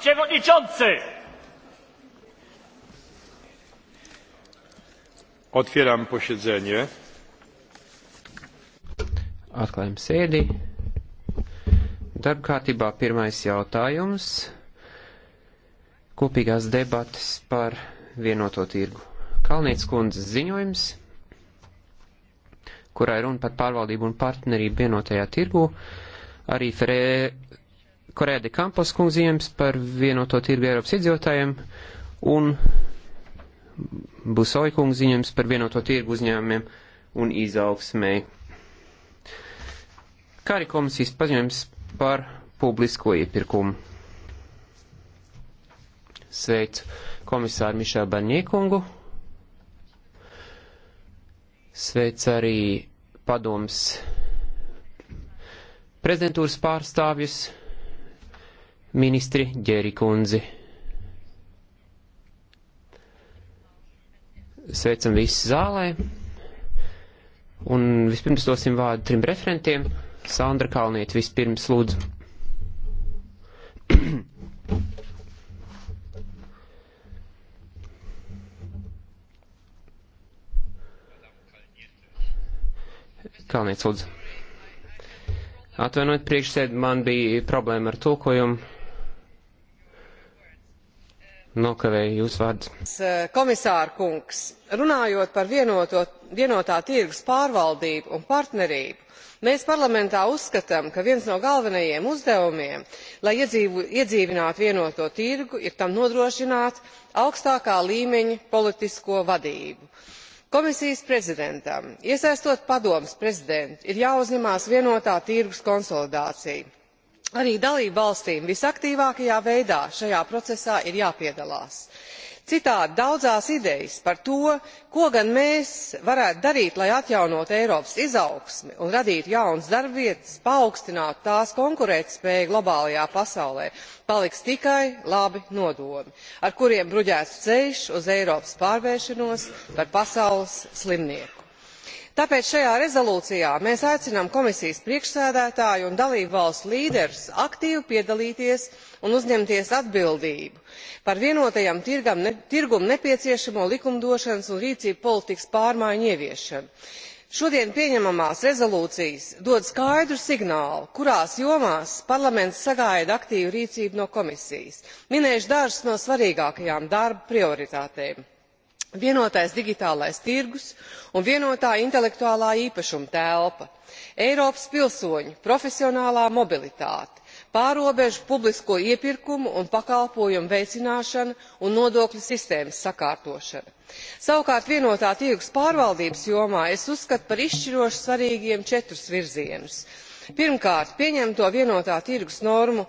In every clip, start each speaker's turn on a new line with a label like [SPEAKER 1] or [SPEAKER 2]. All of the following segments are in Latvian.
[SPEAKER 1] przewodniczący!
[SPEAKER 2] Otwieram posiedzenie. Atklājam sēdi. Darbkārtībā pirmais jautājums. Kopīgās debatas par vienoto tirgu. Kalnietis kundzes ziņojums, kurā ir runa par pārvaldību un partnerību vienotajā tirgu. Arī Ferē Korēdi Kampos kungzījums par vienoto tirgu Eiropas iedzīvotājiem un Busoja kungzījums par vienoto tirgu uzņēmumiem un izaugsmēji. Kā arī komisijas paziņojums par publisko iepirkumu. Sveicu komisāru Mišā Barņiekungu. Sveic arī padoms prezidentūras pārstāvjus ministri Ģēri kundzi. Sveicam visus zālē. Un vispirms dosim vārdu trim referentiem. Sandra Kalniet vispirms lūdzu. Kalniet lūdzu. Atvainojiet, priekšsēd, man bija problēma ar tulkojumu Nokavēju jūs vārdus.
[SPEAKER 1] Eh, Komisāra kungs, runājot par vienoto, vienotā tirgus pārvaldību un partnerību, mēs parlamentā uzskatām, ka viens no galvenajiem uzdevumiem, lai iedzīvu, iedzīvinātu vienoto tirgu, ir tam nodrošināt augstākā līmeņa politisko vadību. Komisijas prezidentam, iesaistot padomas prezidentu, ir jāuzņemās vienotā tirgus konsolidācija arī dalībvalstīm visaktīvākajā veidā šajā procesā ir jāpiedalās. citādi daudzās idejas par to ko gan mēs varētu darīt lai atjaunotu eiropas izaugsmi un radītu jaunas darbvietas paaugstinātu tās konkurētspēju globālajā pasaulē paliks tikai labi nodomi ar kuriem bruģēts ceļš uz eiropas pārvēršanos par pasaules slimnieku tāpēc šajā rezolūcijā mēs aicinām komisijas priekšsēdētāju un dalībvalstu līderus aktīvi piedalīties un uzņemties atbildību par vienotajam tirgum nepieciešamo likumdošanas un rīcību politikas pārmaiņu ieviešanu. šodien pieņemamās rezolūcijas dod skaidru signālu kurās jomās parlaments sagaida aktīvu rīcību no komisijas. minēšu dažas no svarīgākajām darba prioritātēm vienotais digitālais tirgus un vienotā intelektuālā īpašuma telpa eiropas pilsoņu profesionālā mobilitāte pārrobežu publisko iepirkumu un pakalpojumu veicināšana un nodokļu sistēmas sakārtošana. savukārt vienotā tirgus pārvaldības jomā es uzskatu par izšķiroši svarīgiem četrus virzienus pirmkārt pieņemto vienotā tirgus normu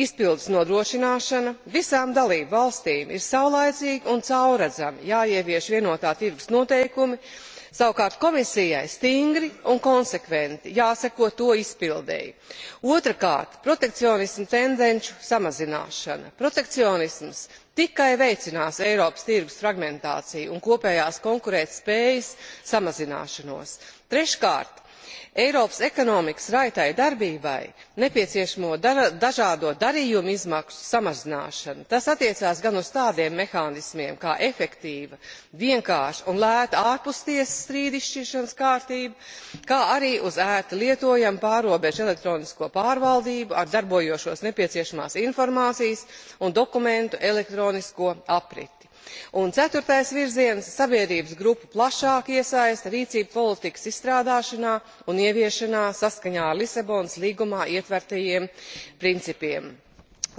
[SPEAKER 1] izpildes nodrošināšana visām dalībvalstīm ir saulaicīgi un caurredzami jāievieš vienotā tirgus noteikumi savukārt komisijai stingri un konsekventi jāseko to izpildei. otrkārt protekcionisma tendenču samazināšana. protekcionisms tikai veicinās eiropas tirgus fragmentāciju un kopējās konkurētspējas samazināšanos. treškārt eiropas ekonomikas raitai darbībai nepieciešamo dažādo darījumu izmaksu samazināšanu. tas attiecās gan uz tādiem mehānismiem kā efektīva vienkārša un lēta ārpustiesas strīdu izšķiršanas kārtība kā arī uz ērti lietojamu pārrobežu elektronisko pārvaldību ar darbojošos nepieciešamās informācijas un dokumentu elektronisko apriti. Un ceturtais virziens - sabiedrības grupu plašāka iesaiste rīcību politikas izstrādāšanā un ieviešanā saskaņā ar Lisabonas līgumā ietvertajiem principiem.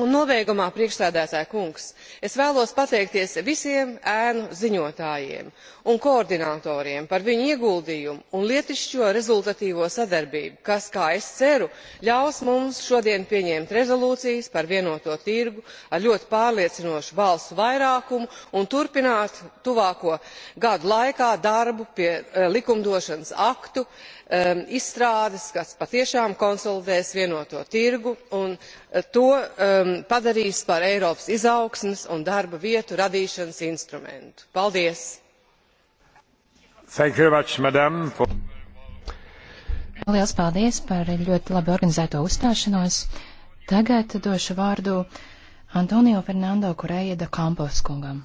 [SPEAKER 1] Un nobeigumā, priekšsēdētāja kungs, es vēlos pateikties visiem ēnu ziņotājiem un koordinatoriem par viņu ieguldījumu un lietišķo rezultatīvo sadarbību, kas, kā es ceru, ļaus mums šodien pieņemt rezolūcijas par vienoto tirgu ar ļoti pārliecinošu balsu vairākumu un turpināt tuvāko gadu laikā darbu pie eh, likumdošanas aktu, Um, izstrādes kas patiešām konsolidēs vienoto tirgu un uh, to um, padarīs par eiropas izaugsmes un darba vietu radīšanas instrumentu. paldies!
[SPEAKER 3] Liels paldies par ļoti labi organizēto uzstāšanos. Tagad došu vārdu Antonio Fernando Correia da Campos kungam.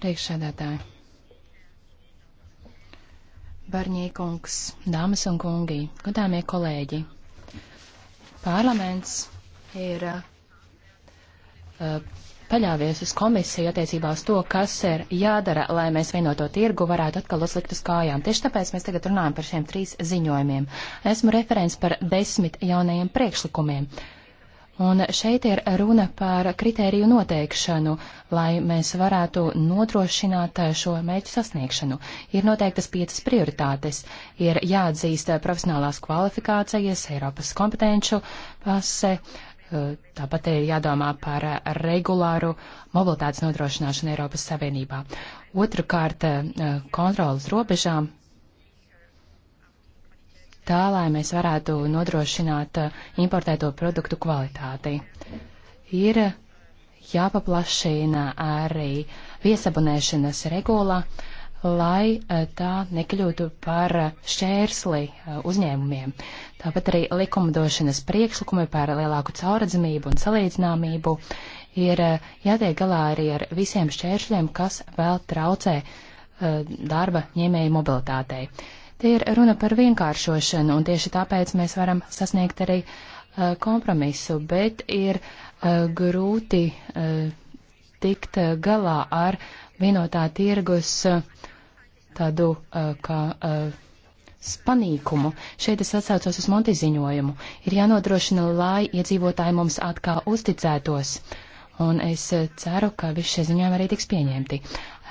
[SPEAKER 3] Priekšsēdētāji. Barņīkungs, dāmas un kungi, godāmie kolēģi. Parlaments ir uh, paļāvies uz komisiju attiecībā uz to, kas ir jādara, lai mēs vienoto tirgu varētu atkal uzlikt uz kājām. Tieši tāpēc mēs tagad runājam par šiem trīs ziņojumiem. Esmu referents par desmit jaunajiem priekšlikumiem. Uh, Un šeit ir runa par kritēriju noteikšanu, lai mēs varētu nodrošināt šo mērķu sasniegšanu. Ir noteiktas piecas prioritātes. Ir jāatzīst profesionālās kvalifikācijas, Eiropas kompetenču pase, eh, tāpat ir jādomā par regulāru mobilitātes nodrošināšanu Eiropas Savienībā. Otrakārt, eh, kontrolas robežām tā, lai mēs varētu nodrošināt uh, importēto produktu kvalitāti. Ir jāpaplašina arī viesabunēšanas regula, lai uh, tā nekļūtu par uh, šķērsli uzņēmumiem. Tāpat arī likumdošanas priekšlikumi par lielāku cauradzamību un salīdzināmību ir jātiek galā arī ar visiem šķēršļiem, kas vēl traucē darba ņēmēju mobilitātei. Te ir runa par vienkāršošanu, un tieši tāpēc mēs varam sasniegt arī uh, kompromisu, bet ir uh, grūti uh, tikt uh, galā ar vienotā tirgus uh, tādu uh, kā. Uh, Spanīkumu. Šeit es atsaucos uz Monti ziņojumu. Ir jānodrošina, lai iedzīvotāji mums atkal uzticētos. Uh, un es ceru, ka visi šie ziņojumi arī tiks pieņemti.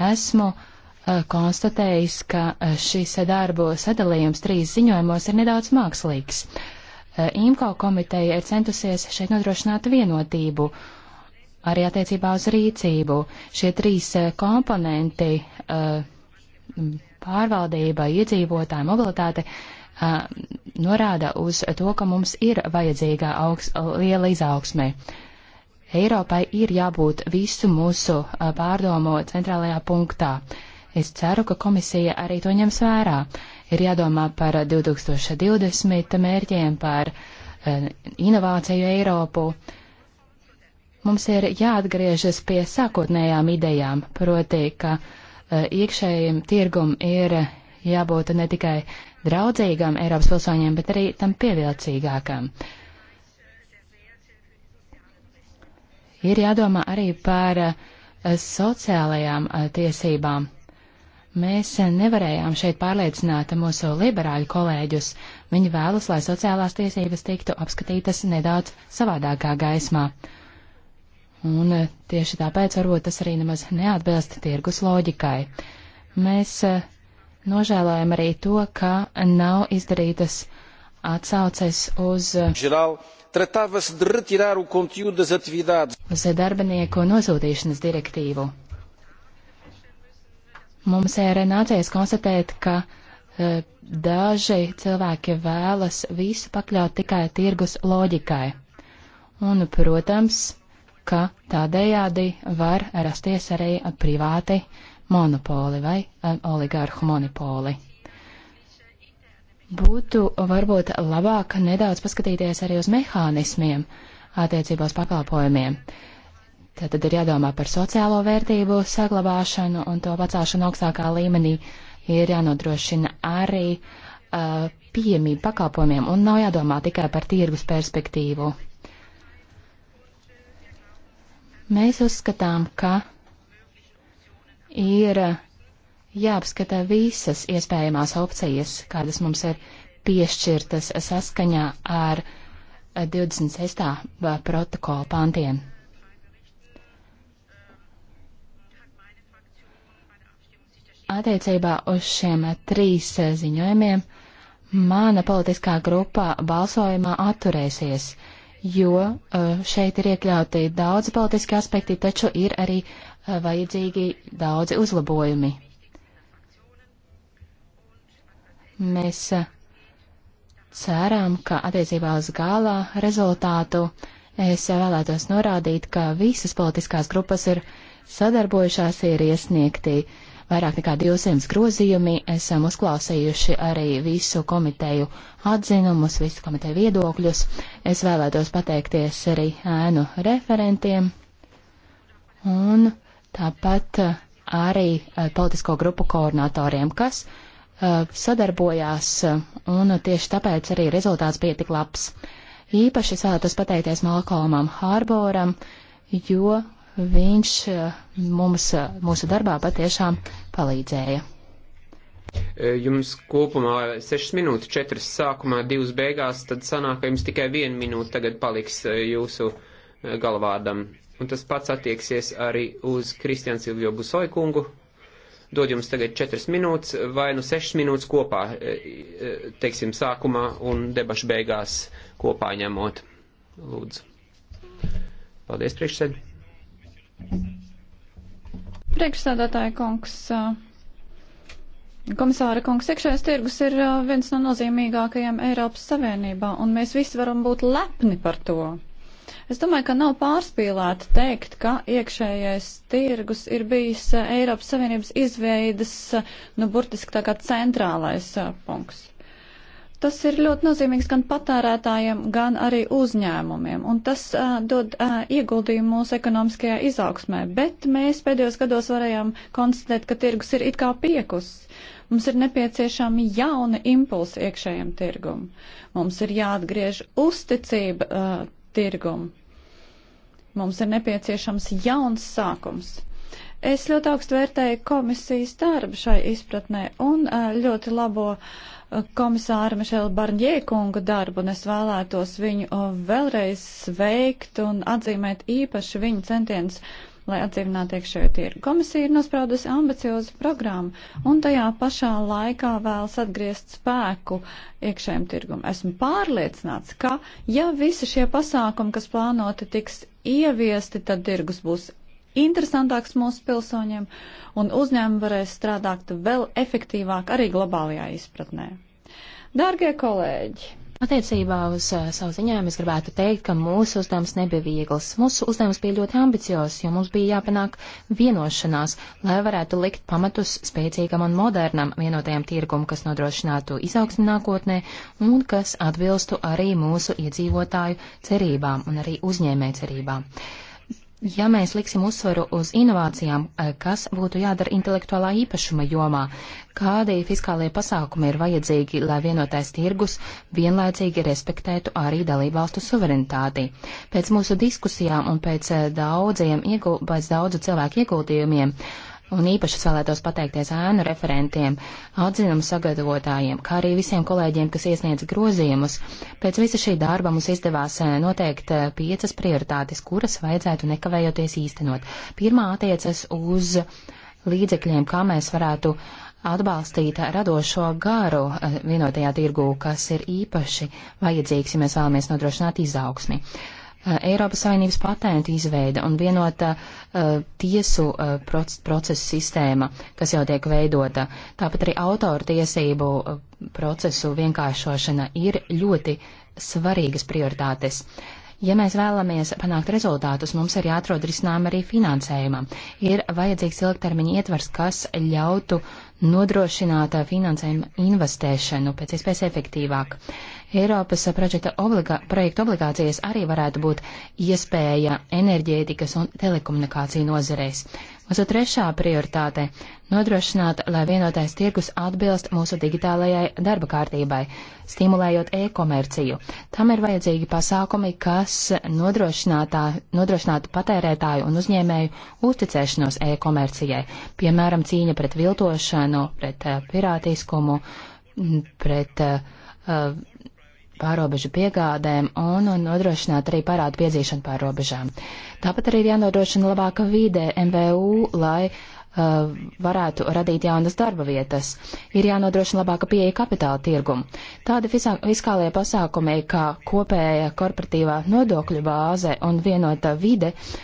[SPEAKER 3] Esmu uh, Eh, konstatējis, ka eh, šis darbu sadalījums trīs ziņojumos ir nedaudz mākslīgs. Eh, IMCO komiteja ir centusies šeit nodrošināt vienotību arī attiecībā uz rīcību. Šie trīs komponenti - pārvaldība, iedzīvotāja mobilitāte - norāda uz to, ka mums ir vajadzīga augs, liela izaugsme. Eiropai ir jābūt visu mūsu pārdomo centrālajā punktā. Uh, Es ceru, ka komisija arī to ņems vērā. Ir jādomā par 2020 mērķiem, par eh, inovāciju Eiropu. Mums ir jāatgriežas pie sākotnējām idejām, proti, ka eh, iekšējiem tirgum ir jābūt ne tikai draudzīgam Eiropas pilsoņiem, bet arī tam pievilcīgākam. Ir jādomā arī par eh, sociālajām tiesībām. Mēs nevarējām šeit pārliecināt mūsu liberāļu kolēģus. Viņi vēlas, lai sociālās tiesības tiktu apskatītas nedaudz savādākā gaismā. Un eh, tieši tāpēc varbūt tas arī nemaz neatbilst tirgus loģikai. Mēs eh, nožēlojam arī to, ka nav izdarītas atsauces uz.
[SPEAKER 4] Žirau eh, tratava-se de retirar o conteúdo das atividades.
[SPEAKER 3] Uz darbinieku nosūtīšanas direktīvu. Mums ir nācies konstatēt, ka e, daži cilvēki vēlas visu pakļaut tikai tirgus loģikai. Un, protams, ka tādējādi var rasties arī privāti monopoli vai e, oligārhu monopoli. Būtu varbūt labāk nedaudz paskatīties arī uz mehānismiem attiecībās pakalpojumiem. Uh, Tad ir jādomā par sociālo vērtību saglabāšanu un to pacelšanu augstākā līmenī. Ir jānodrošina arī uh, pieejamība pakalpojumiem un nav jādomā tikai par tirgus perspektīvu. Mēs uzskatām, ka ir jāapskata visas iespējamās opcijas, kādas mums ir piešķirtas saskaņā ar 26. Uh, uh, protokola pantiem. Attiecībā uz šiem trīs ziņojumiem mana politiskā grupa balsojumā atturēsies, jo eh, šeit ir iekļauti daudzi politiski aspekti, taču ir arī eh, vajadzīgi daudzi uzlabojumi. Mēs eh, ceram, ka attiecībā uz gala rezultātu es vēlētos norādīt, ka visas politiskās grupas ir sadarbojušās, ir iesniegti uh, vairāk nekā 200 grozījumi. Esam uzklausījuši arī visu komiteju atzinumus, visu komiteju viedokļus. Es vēlētos pateikties arī ēnu referentiem un tāpat arī eh, politisko grupu koordinatoriem, kas eh, sadarbojās, un tieši tāpēc arī rezultāts bija tik labs. Īpaši es vēlētos pateikties Malkolmam Hārboram, jo viņš eh, mums, eh, mūsu darbā patiešām palīdzēja.
[SPEAKER 2] Eh, jums kopumā 6 minūtes, 4 sākumā, 2 beigās, tad sanāk, ka jums tikai 1 minūte tagad paliks jūsu galvādam. Un tas pats attieksies arī uz Kristiānu Silvio Busoju kungu. Dod jums tagad 4 minūtes vai nu 6 minūtes kopā, teiksim, sākumā un debašu beigās kopā ņemot. Lūdzu. Paldies, priekšsēdētāji.
[SPEAKER 4] Priekšsēdētāja kungs, komisāra kungs, iekšējais tirgus ir viens no nozīmīgākajiem Eiropas Savienībā, un mēs visi varam būt lepni par to. Es domāju, ka nav pārspīlēti teikt, ka iekšējais tirgus ir bijis Eiropas Savienības izveidas, nu, burtiski tā kā centrālais punkts. Tas ir ļoti nozīmīgs gan patērētājiem, gan arī uzņēmumiem, un tas uh, dod uh, ieguldījumu mūsu ekonomiskajā izaugsmē. Bet mēs pēdējos gados varējām konstatēt, ka tirgus ir it kā piekus. Mums ir nepieciešami jauni impulsi iekšējiem tirgum. Mums ir jāatgriež uzticība uh, tirgum. Mums ir nepieciešams jauns sākums. Es ļoti augstu vērtēju komisijas darbu šai izpratnē un uh, ļoti labo uh, komisāra Mišela Barņiekunga darbu, un es vēlētos viņu vēlreiz sveikt un atzīmēt īpaši viņa centienus, lai atdzīvinātu iekšējo tirgu. Komisija ir nospraudusi ambiciozu programmu, un tajā pašā laikā vēlas atgriezt spēku iekšējiem tirgum. Esmu pārliecināts, ka ja visi šie pasākumi, kas plānoti, tiks ieviesti, tad tirgus būs interesantāks mūsu pilsoņiem, un uzņēmumi varēs strādāt vēl efektīvāk arī globālajā izpratnē. Dārgie kolēģi!
[SPEAKER 3] Attiecībā uz uh, savu ziņām es gribētu teikt, ka mūsu uzdevums nebija viegls. Mūsu uzdevums bija ļoti ambiciozs, jo mums bija jāpanāk vienošanās, lai varētu likt pamatus spēcīgam un modernam vienotajam tirgum, kas nodrošinātu izaugsmi nākotnē un kas atbilstu arī mūsu iedzīvotāju cerībām un arī uzņēmē cerībām. Uh, Ja mēs liksim uzsvaru uz inovācijām, eh, kas būtu jādara intelektuālā īpašuma jomā, kādi fiskālie pasākumi ir vajadzīgi, lai vienotais tirgus vienlaicīgi respektētu arī dalībvalstu suverenitāti. Pēc mūsu diskusijām un pēc eh, daudziem iegul, pēc daudzu cilvēku ieguldījumiem uh, Un īpaši es vēlētos pateikties ēnu referentiem, atzinumu sagatavotājiem, kā arī visiem kolēģiem, kas iesniedz grozījumus. Pēc visa šī darba mums izdevās eh, noteikt eh, piecas prioritātes, kuras vajadzētu nekavējoties īstenot. Pirmā attiecas uz līdzekļiem, kā mēs varētu atbalstīt radošo garu eh, vienotajā tirgū, kas ir īpaši vajadzīgs, ja mēs vēlamies nodrošināt izaugsmi. Eh, Eiropas Savienības patentu izveida un vienota uh, tiesu uh, proc procesu sistēma, kas jau tiek veidota. Tāpat arī autoru tiesību uh, procesu vienkāršošana ir ļoti svarīgas prioritātes. Ja mēs vēlamies panākt rezultātus, mums ir jāatrod risinājumi arī finansējumam. Ir vajadzīgs ilgtermiņa ietvars, kas ļautu nodrošināt finansējumu investēšanu pēc iespējas efektīvāk. Uh, Eiropas projekta, obligā, projekta obligācijas arī varētu būt iespēja enerģētikas un telekomunikāciju nozarēs. Mūsu trešā prioritāte - nodrošināt, lai vienotais tirgus atbilst mūsu digitālajai darba kārtībai, stimulējot e-komerciju. Tam ir vajadzīgi pasākumi, kas nodrošinātu patērētāju un uzņēmēju uzticēšanos e-komercijai, piemēram, cīņa pret viltošanu, pret eh, pirātiskumu, pret uh, pārobežu piegādēm un, un nodrošināt arī parādu piedzīšanu pārobežām. Tāpat arī ir jānodrošina labāka vide MVU, lai uh, varētu radīt jaunas darba vietas. Ir jānodrošina labāka pieeja kapitāla tirgumu. Tādi fiskālie pasākumi kā kopēja korporatīvā nodokļu bāze un vienota vide uh,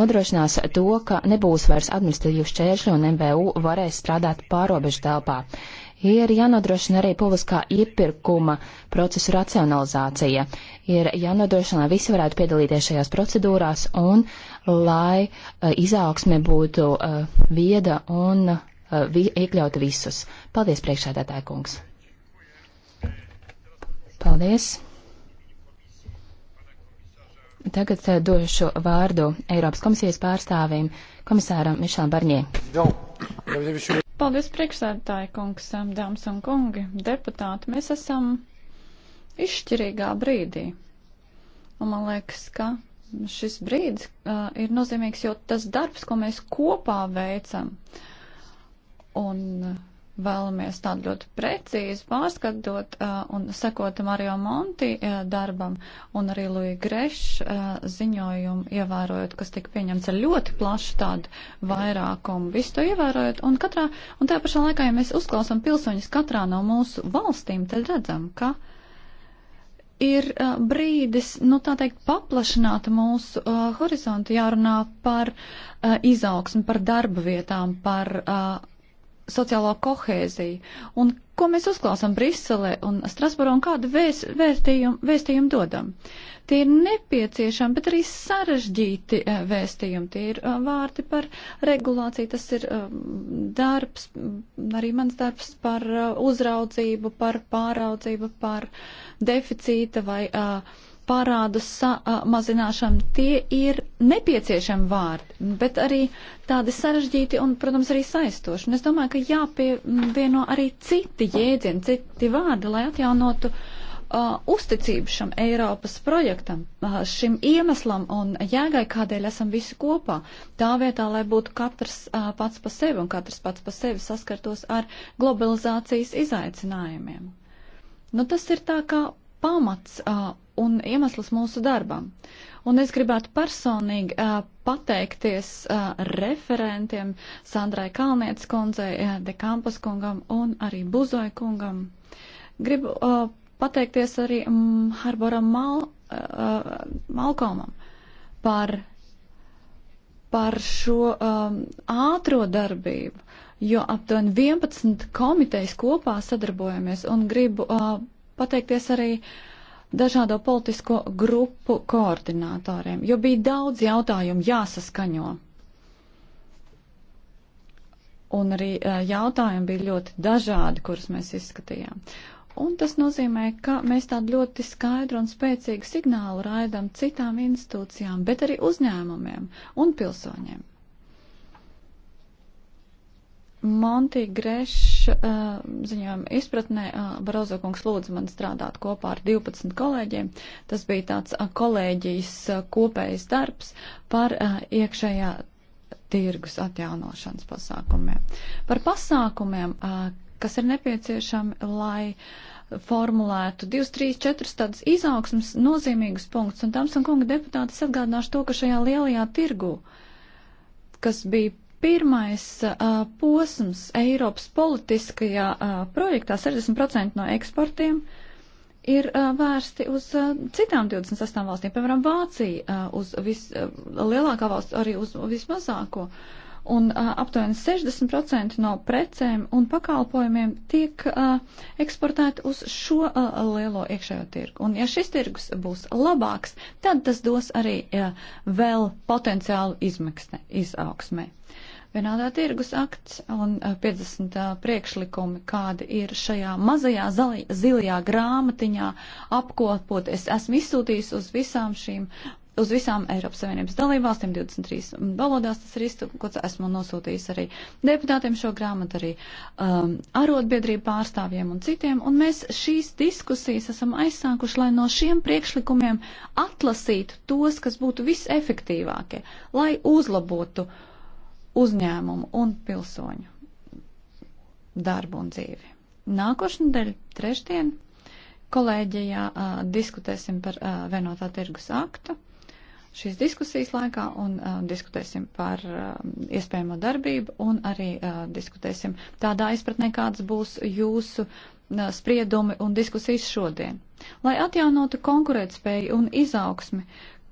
[SPEAKER 3] nodrošinās to, ka nebūs vairs administratīvas šķēršļi un MVU varēs strādāt pārobežu telpā. Uh, Ir jānodrošina arī publiskā iepirkuma procesu racionalizācija. Ir jānodrošina, lai visi varētu piedalīties šajās procedūrās un lai uh, izaugsme būtu uh, vieda un uh, vi iekļauta visus. Paldies, priekšsēdētāja kungs. Paldies. Tagad uh, došu vārdu Eiropas komisijas pārstāvim, komisāram Mišelam Barņē.
[SPEAKER 4] Paldies, priekšsēdētāji kungs, dāmas un kungi, deputāti. Mēs esam izšķirīgā brīdī. Un man liekas, ka šis brīdis uh, ir nozīmīgs, jo tas darbs, ko mēs kopā veicam, un uh, vēlamies tādu ļoti precīzu pārskatot uh, un sekot Mario Monti uh, darbam un arī Lui Greš uh, ziņojumu ievērojot, kas tika pieņemts ar ļoti plašu tādu vairākumu, visu to ievērojot. Un, katrā, un tajā pašā laikā, ja mēs uzklausām pilsoņus katrā no mūsu valstīm, tad redzam, ka ir uh, brīdis, nu tā teikt, paplašināt mūsu uh, horizontu, jārunā par uh, izaugsmu, par darba vietām, par uh, sociālo kohēziju. Un ko mēs uzklausām Briselē un Strasbūrā un kādu vēs, vēstījumu, vēstījumu dodam? Tie ir nepieciešami, bet arī sarežģīti eh, vēstījumi. Tie ir eh, vārti par regulāciju, tas ir eh, darbs, arī mans darbs par uzraudzību, par pāraudzību, par deficīta vai. Uh, parādu samazināšanu, tie ir nepieciešami vārdi, bet arī tādi sarežģīti un, protams, arī saistoši. Un es domāju, ka jāpievieno arī citi jēdzieni, citi vārdi, lai atjaunotu uh, uzticību šam Eiropas projektam, uh, šim iemeslam un jēgai, kādēļ esam visi kopā. Tā vietā, lai būtu katrs uh, pats pa sevi un katrs pats pa sevi saskartos ar globalizācijas izaicinājumiem. Nu, tas ir tā kā pamats uh, un iemesls mūsu darbam. Un es gribētu personīgi uh, pateikties uh, referentiem Sandrai Kalnietes kundzei, uh, Dekampas kungam un arī Buzoja kungam. Gribu uh, pateikties arī mm, Harboram Mal, uh, Malkomam par, par šo um, ātro darbību, jo aptuveni 11 komitejas kopā sadarbojamies un gribu uh, pateikties arī dažādo politisko grupu koordinātoriem, jo bija daudz jautājumu jāsaskaņo. Un arī eh, jautājumi bija ļoti dažādi, kurus mēs izskatījām. Un tas nozīmē, ka mēs tādu ļoti skaidru un spēcīgu signālu raidam citām institūcijām, bet arī uzņēmumiem un pilsoņiem. Monti Greša eh, ziņojuma izpratnē eh, Barozo kungs lūdza man strādāt kopā ar 12 kolēģiem. Tas bija tāds eh, kolēģijas kopējs darbs par iekšējā tirgus atjaunošanas pasākumiem. Par pasākumiem, kas ir nepieciešami, lai formulētu divus, trīs, četrus tādus izaugsmas nozīmīgus punktus. Un Tamsan kunga deputātis atgādināšu to, ka šajā lielajā tirgu, kas bija pirmais uh, posms Eiropas politiskajā uh, projektā 60% no eksportiem ir uh, vērsti uz uh, citām 28 valstīm, piemēram, Vācija uh, uz vis, uh, lielākā valsts arī uz vismazāko. Un uh, aptuveni 60% no precēm un pakalpojumiem tiek uh, eksportēti uz šo uh, lielo iekšējo tirgu. Un ja šis tirgus būs labāks, tad tas dos arī uh, vēl potenciālu izmaksne, izaugsmē. Uh, vienādā tirgus akts un 50 eh, eh, priekšlikumi, kādi ir šajā mazajā zali, zilajā grāmatiņā apkopot. Es esmu izsūtījis uz visām šīm. Uz visām Eiropas Savienības dalībvalstīm 23 mm, valodās tas ir iztūkots. Esmu nosūtījis arī deputātiem šo grāmatu, arī um, arotbiedrību pārstāvjiem un citiem. Un mēs šīs diskusijas esam aizsākuši, lai no šiem priekšlikumiem atlasītu tos, kas būtu visefektīvākie, lai uzlabotu uh, uzņēmumu un pilsoņu darbu un dzīvi. Nākošnedēļ, trešdien, kolēģijā uh, diskutēsim par uh, vienotā tirgus aktu. Šīs diskusijas laikā un uh, diskutēsim par uh, iespējamo darbību un arī uh, diskutēsim tādā izpratnē, kādas būs jūsu uh, spriedumi un diskusijas šodien. Lai atjaunotu konkurētspēju un izaugsmi,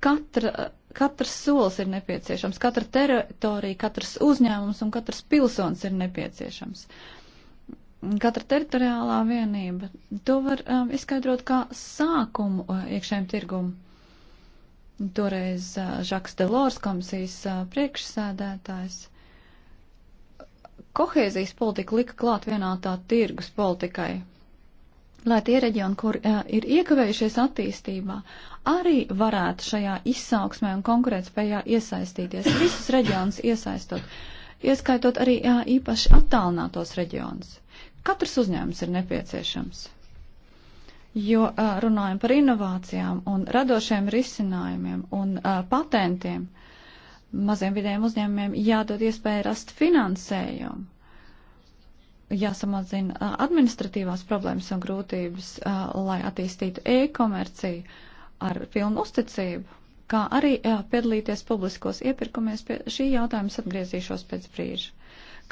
[SPEAKER 4] katra Katrs solis ir nepieciešams, katra teritorija, katrs uzņēmums un katrs pilsonis ir nepieciešams. Katra teritoriālā vienība. To var um, izskaidrot kā sākumu uh, iekšējiem tirgumu. Toreiz uh, Žaks Delors komisijas uh, priekšsēdētājs kohēzijas politika lika klāt vienā tā tirgus politikai lai tie reģioni, kur uh, ir iekavējušies attīstībā, arī varētu šajā izsauksmē un konkurētspējā iesaistīties, visus reģionus iesaistot, ieskaitot arī uh, īpaši attālinātos reģionus. Katrs uzņēmums ir nepieciešams, jo uh, runājam par inovācijām un radošiem risinājumiem un uh, patentiem, maziem vidējiem uzņēmumiem jādod iespēja rast finansējumu jāsamazina administratīvās problēmas un grūtības, lai attīstītu e-komerciju ar pilnu uzticību, kā arī piedalīties publiskos iepirkumies. Pie šī jautājums atgriezīšos pēc brīža.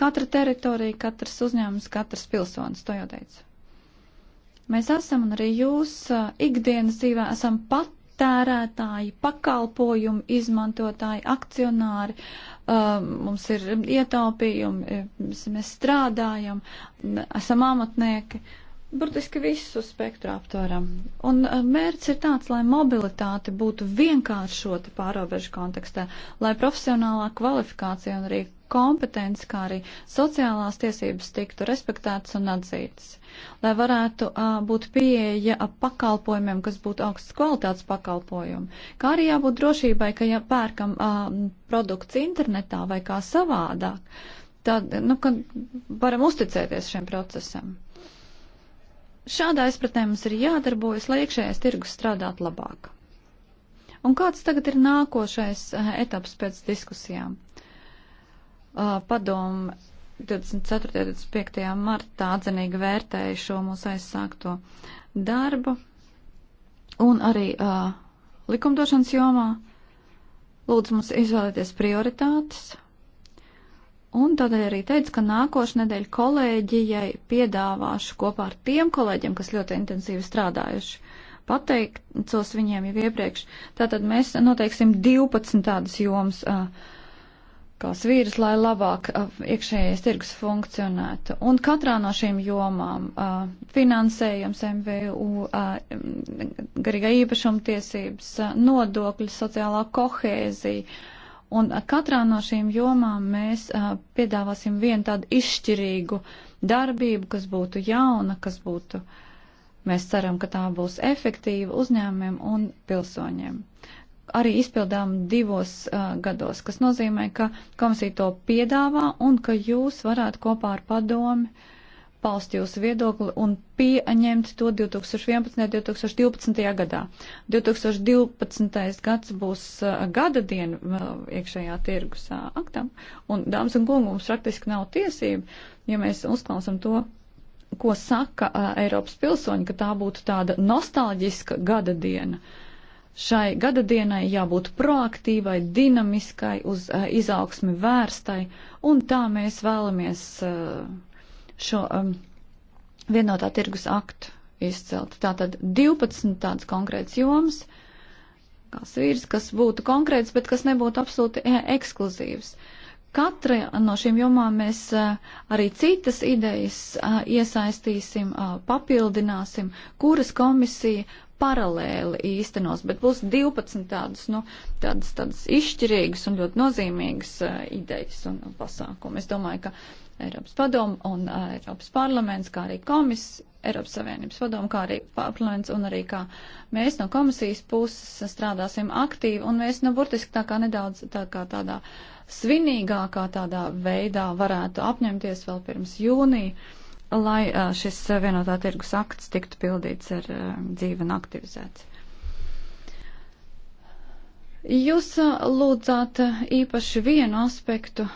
[SPEAKER 4] Katra teritorija, katrs uzņēmums, katrs pilsonis, to jau teicu. Mēs esam un arī jūs ikdienas dzīvē esam pat tērētāji, pakalpojumu izmantotāji, akcionāri, um, mums ir ietaupījumi, mēs strādājam, esam amatnieki. Burtiski visu spektru aptveram. Un uh, mērķis ir tāds, lai mobilitāte būtu vienkāršota pārobežu kontekstā, lai profesionālā kvalifikācija un arī kompetence, kā arī sociālās tiesības tiktu respektētas un atzītas. Lai varētu uh, būt pieeja pakalpojumiem, kas būtu augstas kvalitātes pakalpojumi, kā arī jābūt drošībai, ka ja pērkam uh, produkts internetā vai kā savādāk, tad, nu, ka varam uzticēties šiem procesam. Šādā izpratnē mums ir jādarbojas, lai iekšējais tirgus strādātu labāk. Un kāds tagad ir nākošais etaps pēc diskusijām? padomu 24. un 25. martā atzinīgi vērtēja šo mūsu aizsākto darbu un arī uh, likumdošanas jomā. Lūdzu mums izvēlēties prioritātes. Un tādēļ arī teicu, ka nākošu nedēļu kolēģijai piedāvāšu kopā ar tiem kolēģiem, kas ļoti intensīvi strādājuši. Pateicos viņiem jau iepriekš. Tātad mēs noteiksim 12 tādas jomas. Uh, kos vīrus, lai labāk iekšējais tirgus funkcionētu. Un katrā no šīm jomām - finansējums, MVU, garīgā īpašumtiesības, nodokļi, sociālā kohēzija. Un katrā no šīm jomām mēs piedāvāsim vienu tādu izšķirīgu darbību, kas būtu jauna, kas būtu. Mēs ceram, ka tā būs efektīva uzņēmumiem un pilsoņiem arī izpildām divos uh, gados, kas nozīmē, ka komisija to piedāvā un ka jūs varētu kopā ar padomi paust jūsu viedokli un pieņemt to 2011. un 2012. gadā. 2012. gads būs uh, gada diena uh, iekšējā tirgus uh, aktam, un, dāmas un kungi, mums praktiski nav tiesība, ja mēs uzklausam to, ko saka uh, Eiropas pilsoņi, ka tā būtu tāda nostalģiska gada diena. Uh, Šai gada dienai jābūt proaktīvai, dinamiskai, uz uh, izaugsmi vērstai, un tā mēs vēlamies uh, šo um, vienotā tirgus aktu izcelt. Tātad 12 tādas konkrētas jomas, kā svīrs, kas būtu konkrēts, bet kas nebūtu absolūti eh, ekskluzīvs. Katra no šīm jomām mēs arī citas idejas iesaistīsim, papildināsim, kuras komisija paralēli īstenos, bet būs 12 tādas, nu, tādas, tādas izšķirīgas un ļoti nozīmīgas uh, idejas un pasākumi. Es domāju, ka Eiropas padomu un uh, Eiropas parlaments, kā arī komisija, Eiropas Savienības padomu, kā arī parlaments un arī kā mēs no komisijas puses strādāsim aktīvi un mēs, nu, burtiski tā kā nedaudz tā kā tādā svinīgākā tādā veidā varētu apņemties vēl pirms jūnija lai šis vienotā tirgus akts tiktu pildīts ar dzīvi un aktivizēts. Jūs lūdzāt īpaši vienu aspektu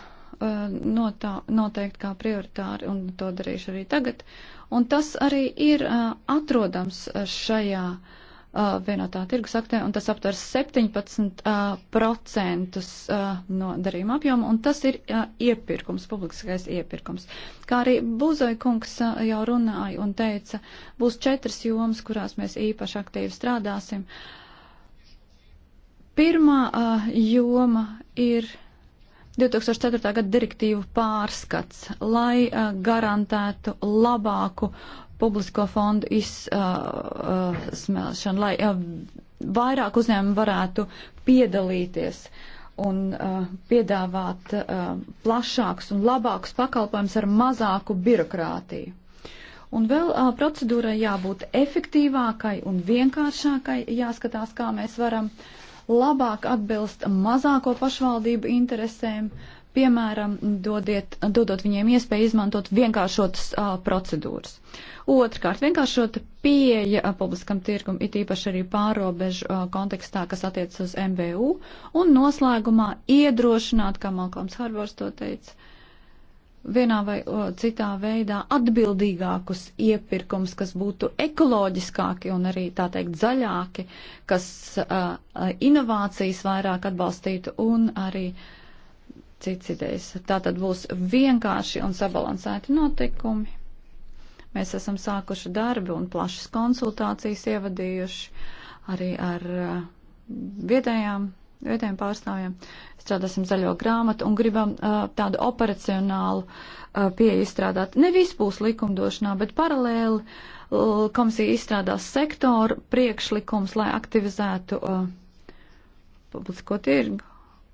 [SPEAKER 4] notā, noteikti kā prioritāri, un to darīšu arī tagad. Un tas arī ir atrodams šajā uh, uh, vienotā tirgus aktē, un tas aptver 17% uh, uh, no darījuma apjoma, un tas ir uh, iepirkums, publiskais iepirkums. Kā arī Buzoja kungs uh, jau runāja un teica, būs četras jomas, kurās mēs īpaši aktīvi strādāsim. Pirmā uh, joma ir 2004. gada direktīvu pārskats, lai uh, garantētu labāku publisko fondu izsmelšanu, lai eh, vairāk uzņēmumu varētu piedalīties un eh, piedāvāt eh, plašāks un labāks pakalpojums ar mazāku birokrātiju. Un vēl uh, procedūrai jābūt efektīvākai un vienkāršākai, jāskatās, kā mēs varam labāk atbilst mazāko pašvaldību interesēm, uh, Piemēram, dodiet, dodot viņiem iespēju izmantot vienkāršotas uh, procedūras. Otrkārt, vienkāršota pieeja uh, publiskam tirgum, it īpaši arī pārobežu uh, kontekstā, kas attiec uz MVU, un noslēgumā iedrošināt, kā Malkoms Harvors to teica, vienā vai o, citā veidā atbildīgākus iepirkums, kas būtu ekoloģiskāki un arī, tā teikt, zaļāki, kas uh, inovācijas vairāk atbalstītu un arī uh, cits idejas. Tā tad būs vienkārši un sabalansēti notikumi. Mēs esam sākuši darbu un plašas konsultācijas ievadījuši arī ar uh, vietējām, vietējiem pārstāvjiem. Strādāsim zaļo grāmatu un gribam uh, tādu operacionālu uh, pieeju izstrādāt. Ne viss būs likumdošanā, bet paralēli uh, komisija izstrādās sektoru priekšlikums, lai aktivizētu uh, publisko tirgu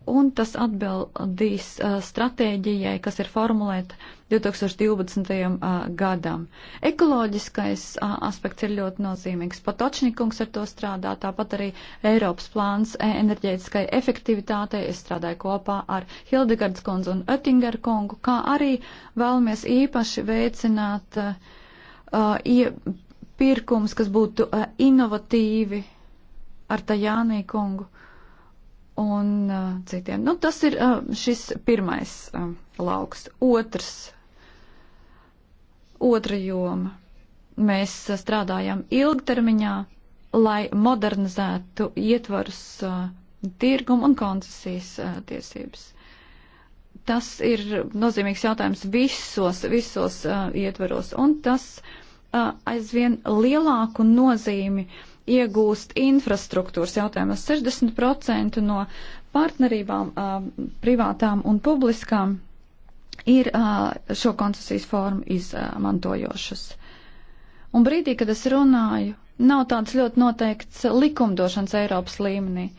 [SPEAKER 4] un tas atbildīs stratēģijai, kas ir formulēta 2012. gadam. Ekoloģiskais aspekts ir ļoti nozīmīgs. Patočnikums ar to strādā, tāpat arī Eiropas plāns e, enerģētiskai efektivitātei. Es strādāju kopā ar Hildegards kundzu un Oettingeru kungu, kā arī vēlamies īpaši veicināt uh, pirkums, kas būtu uh, inovatīvi ar Tajānī kungu. Uh, un uh, citiem. Nu, tas ir uh, šis pirmais uh, lauks. Otrs, otra joma. Mēs uh, strādājam ilgtermiņā, lai modernizētu ietvarus uh, tirgumu un koncesijas uh, tiesības. Tas ir nozīmīgs jautājums visos, visos uh, ietvaros, un tas uh, aizvien lielāku nozīmi uh, iegūst infrastruktūras jautājumus. 60% no partnerībām uh, privātām un publiskām ir uh, šo koncesijas formu izmantojošas. Un brīdī, kad es runāju, nav tāds ļoti noteikts likumdošanas Eiropas līmenī.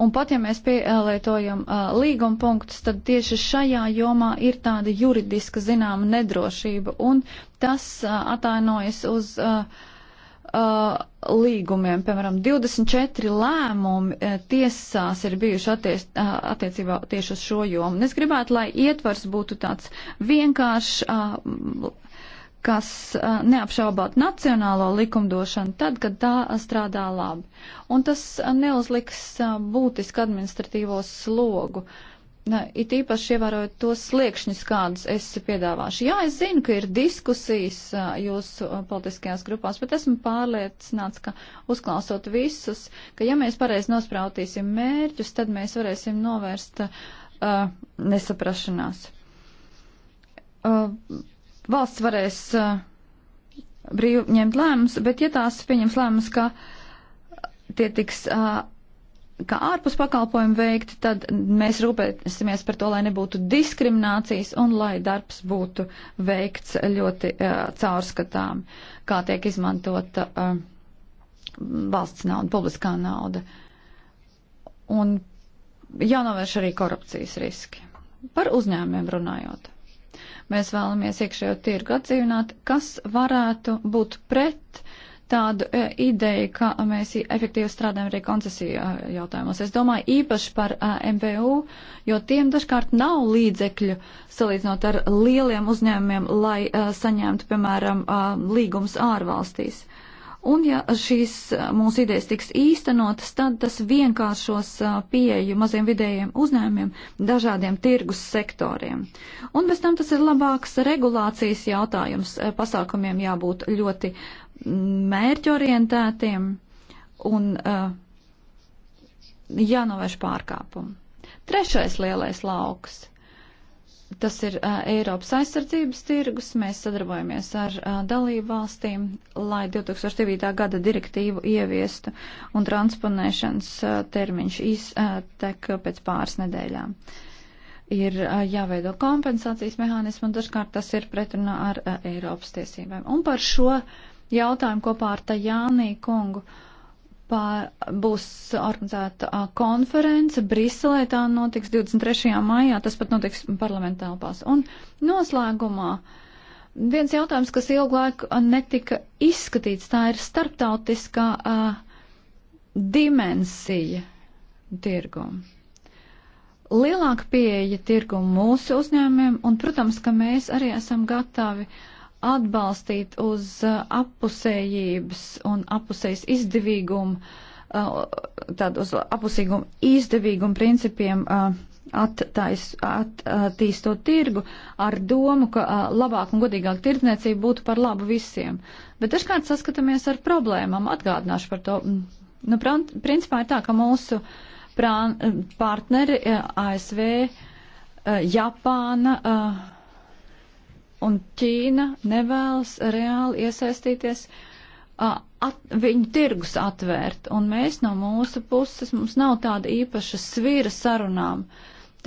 [SPEAKER 4] Un pat ja mēs pielietojam uh, līguma punktus, tad tieši šajā jomā ir tāda juridiska zināma nedrošība, un tas uh, atainojas uz uh, Uh, līgumiem. Piemēram, 24 lēmumi uh, tiesās ir bijuši attiec, uh, attiecībā tieši uz šo jomu. Es gribētu, lai ietvars būtu tāds vienkāršs, kas neapšaubāt nacionālo likumdošanu tad, kad tā strādā labi. Un tas neuzliks būtisku administratīvo slogu. Uh, Na, it īpaši ievērojot tos sliekšņus, kādus es piedāvāšu. Jā, es zinu, ka ir diskusijas jūsu politiskajās grupās, bet esmu pārliecināts, ka uzklausot visus, ka ja mēs pareizi nosprautīsim mērķus, tad mēs varēsim novērst uh, nesaprašanās. Uh, valsts varēs uh, brīvi ņemt lēmumus, bet ja tās pieņems lēmumus, ka tie tiks. Uh, kā ārpus pakalpojumu veikt, tad mēs rūpēsimies par to, lai nebūtu diskriminācijas un lai darbs būtu veikts ļoti uh, caurskatām, kā tiek izmantota uh, valsts nauda, publiskā nauda. Un jānovērš arī korupcijas riski. Par uzņēmumiem runājot. Mēs vēlamies iekšējo tirgu atdzīvināt, kas varētu būt pret tādu e, ideju, ka mēs efektīvi strādājam arī koncesiju e, jautājumos. Es domāju īpaši par e, MVU, jo tiem dažkārt nav līdzekļu salīdzinot ar lieliem uzņēmumiem, lai e, saņemtu, piemēram, e, līgums ārvalstīs. Un ja šīs e, mūsu idejas tiks īstenotas, tad tas vienkāršos e, pieeju maziem vidējiem uzņēmumiem, dažādiem tirgus sektoriem. Un bez tam tas ir labāks regulācijas jautājums. E, pasākumiem jābūt ļoti mērķorientētiem un uh, jānovērš pārkāpumu. Trešais lielais lauks. Tas ir uh, Eiropas aizsardzības tirgus. Mēs sadarbojamies ar uh, dalību valstīm, lai 2009. gada direktīvu ieviestu un transponēšanas uh, termiņš iztek uh, pēc pāris nedēļām. Ir uh, jāveido kompensācijas mehānismu un dažkārt tas ir pretrunā ar uh, Eiropas tiesībām. Un par šo uh, jautājumu kopā ar Tajānī kungu. Pār, būs organizēta a, konference Briselē, tā notiks 23. maijā, tas pat notiks parlamentā telpās. Un noslēgumā viens jautājums, kas ilgu laiku netika izskatīts, tā ir starptautiskā a, dimensija tirgumu lielāka pieeja tirgu mūsu uzņēmumiem, un, protams, ka mēs arī esam gatavi atbalstīt uz uh, apusējības un apusējas izdevīgumu, uh, tādu uz apusīgumu izdevīgumu principiem uh, attais, attīstot tirgu ar domu, ka labāk un godīgāk tirdzniecība būtu par labu visiem. Bet dažkārt saskatāmies ar problēmām, atgādināšu par to. Nu, principā ir tā, ka mūsu prā, partneri ASV, Japāna, un Ķīna nevēlas reāli iesaistīties, at, viņu tirgus atvērt, un mēs no mūsu puses mums nav tāda īpaša svīra sarunām,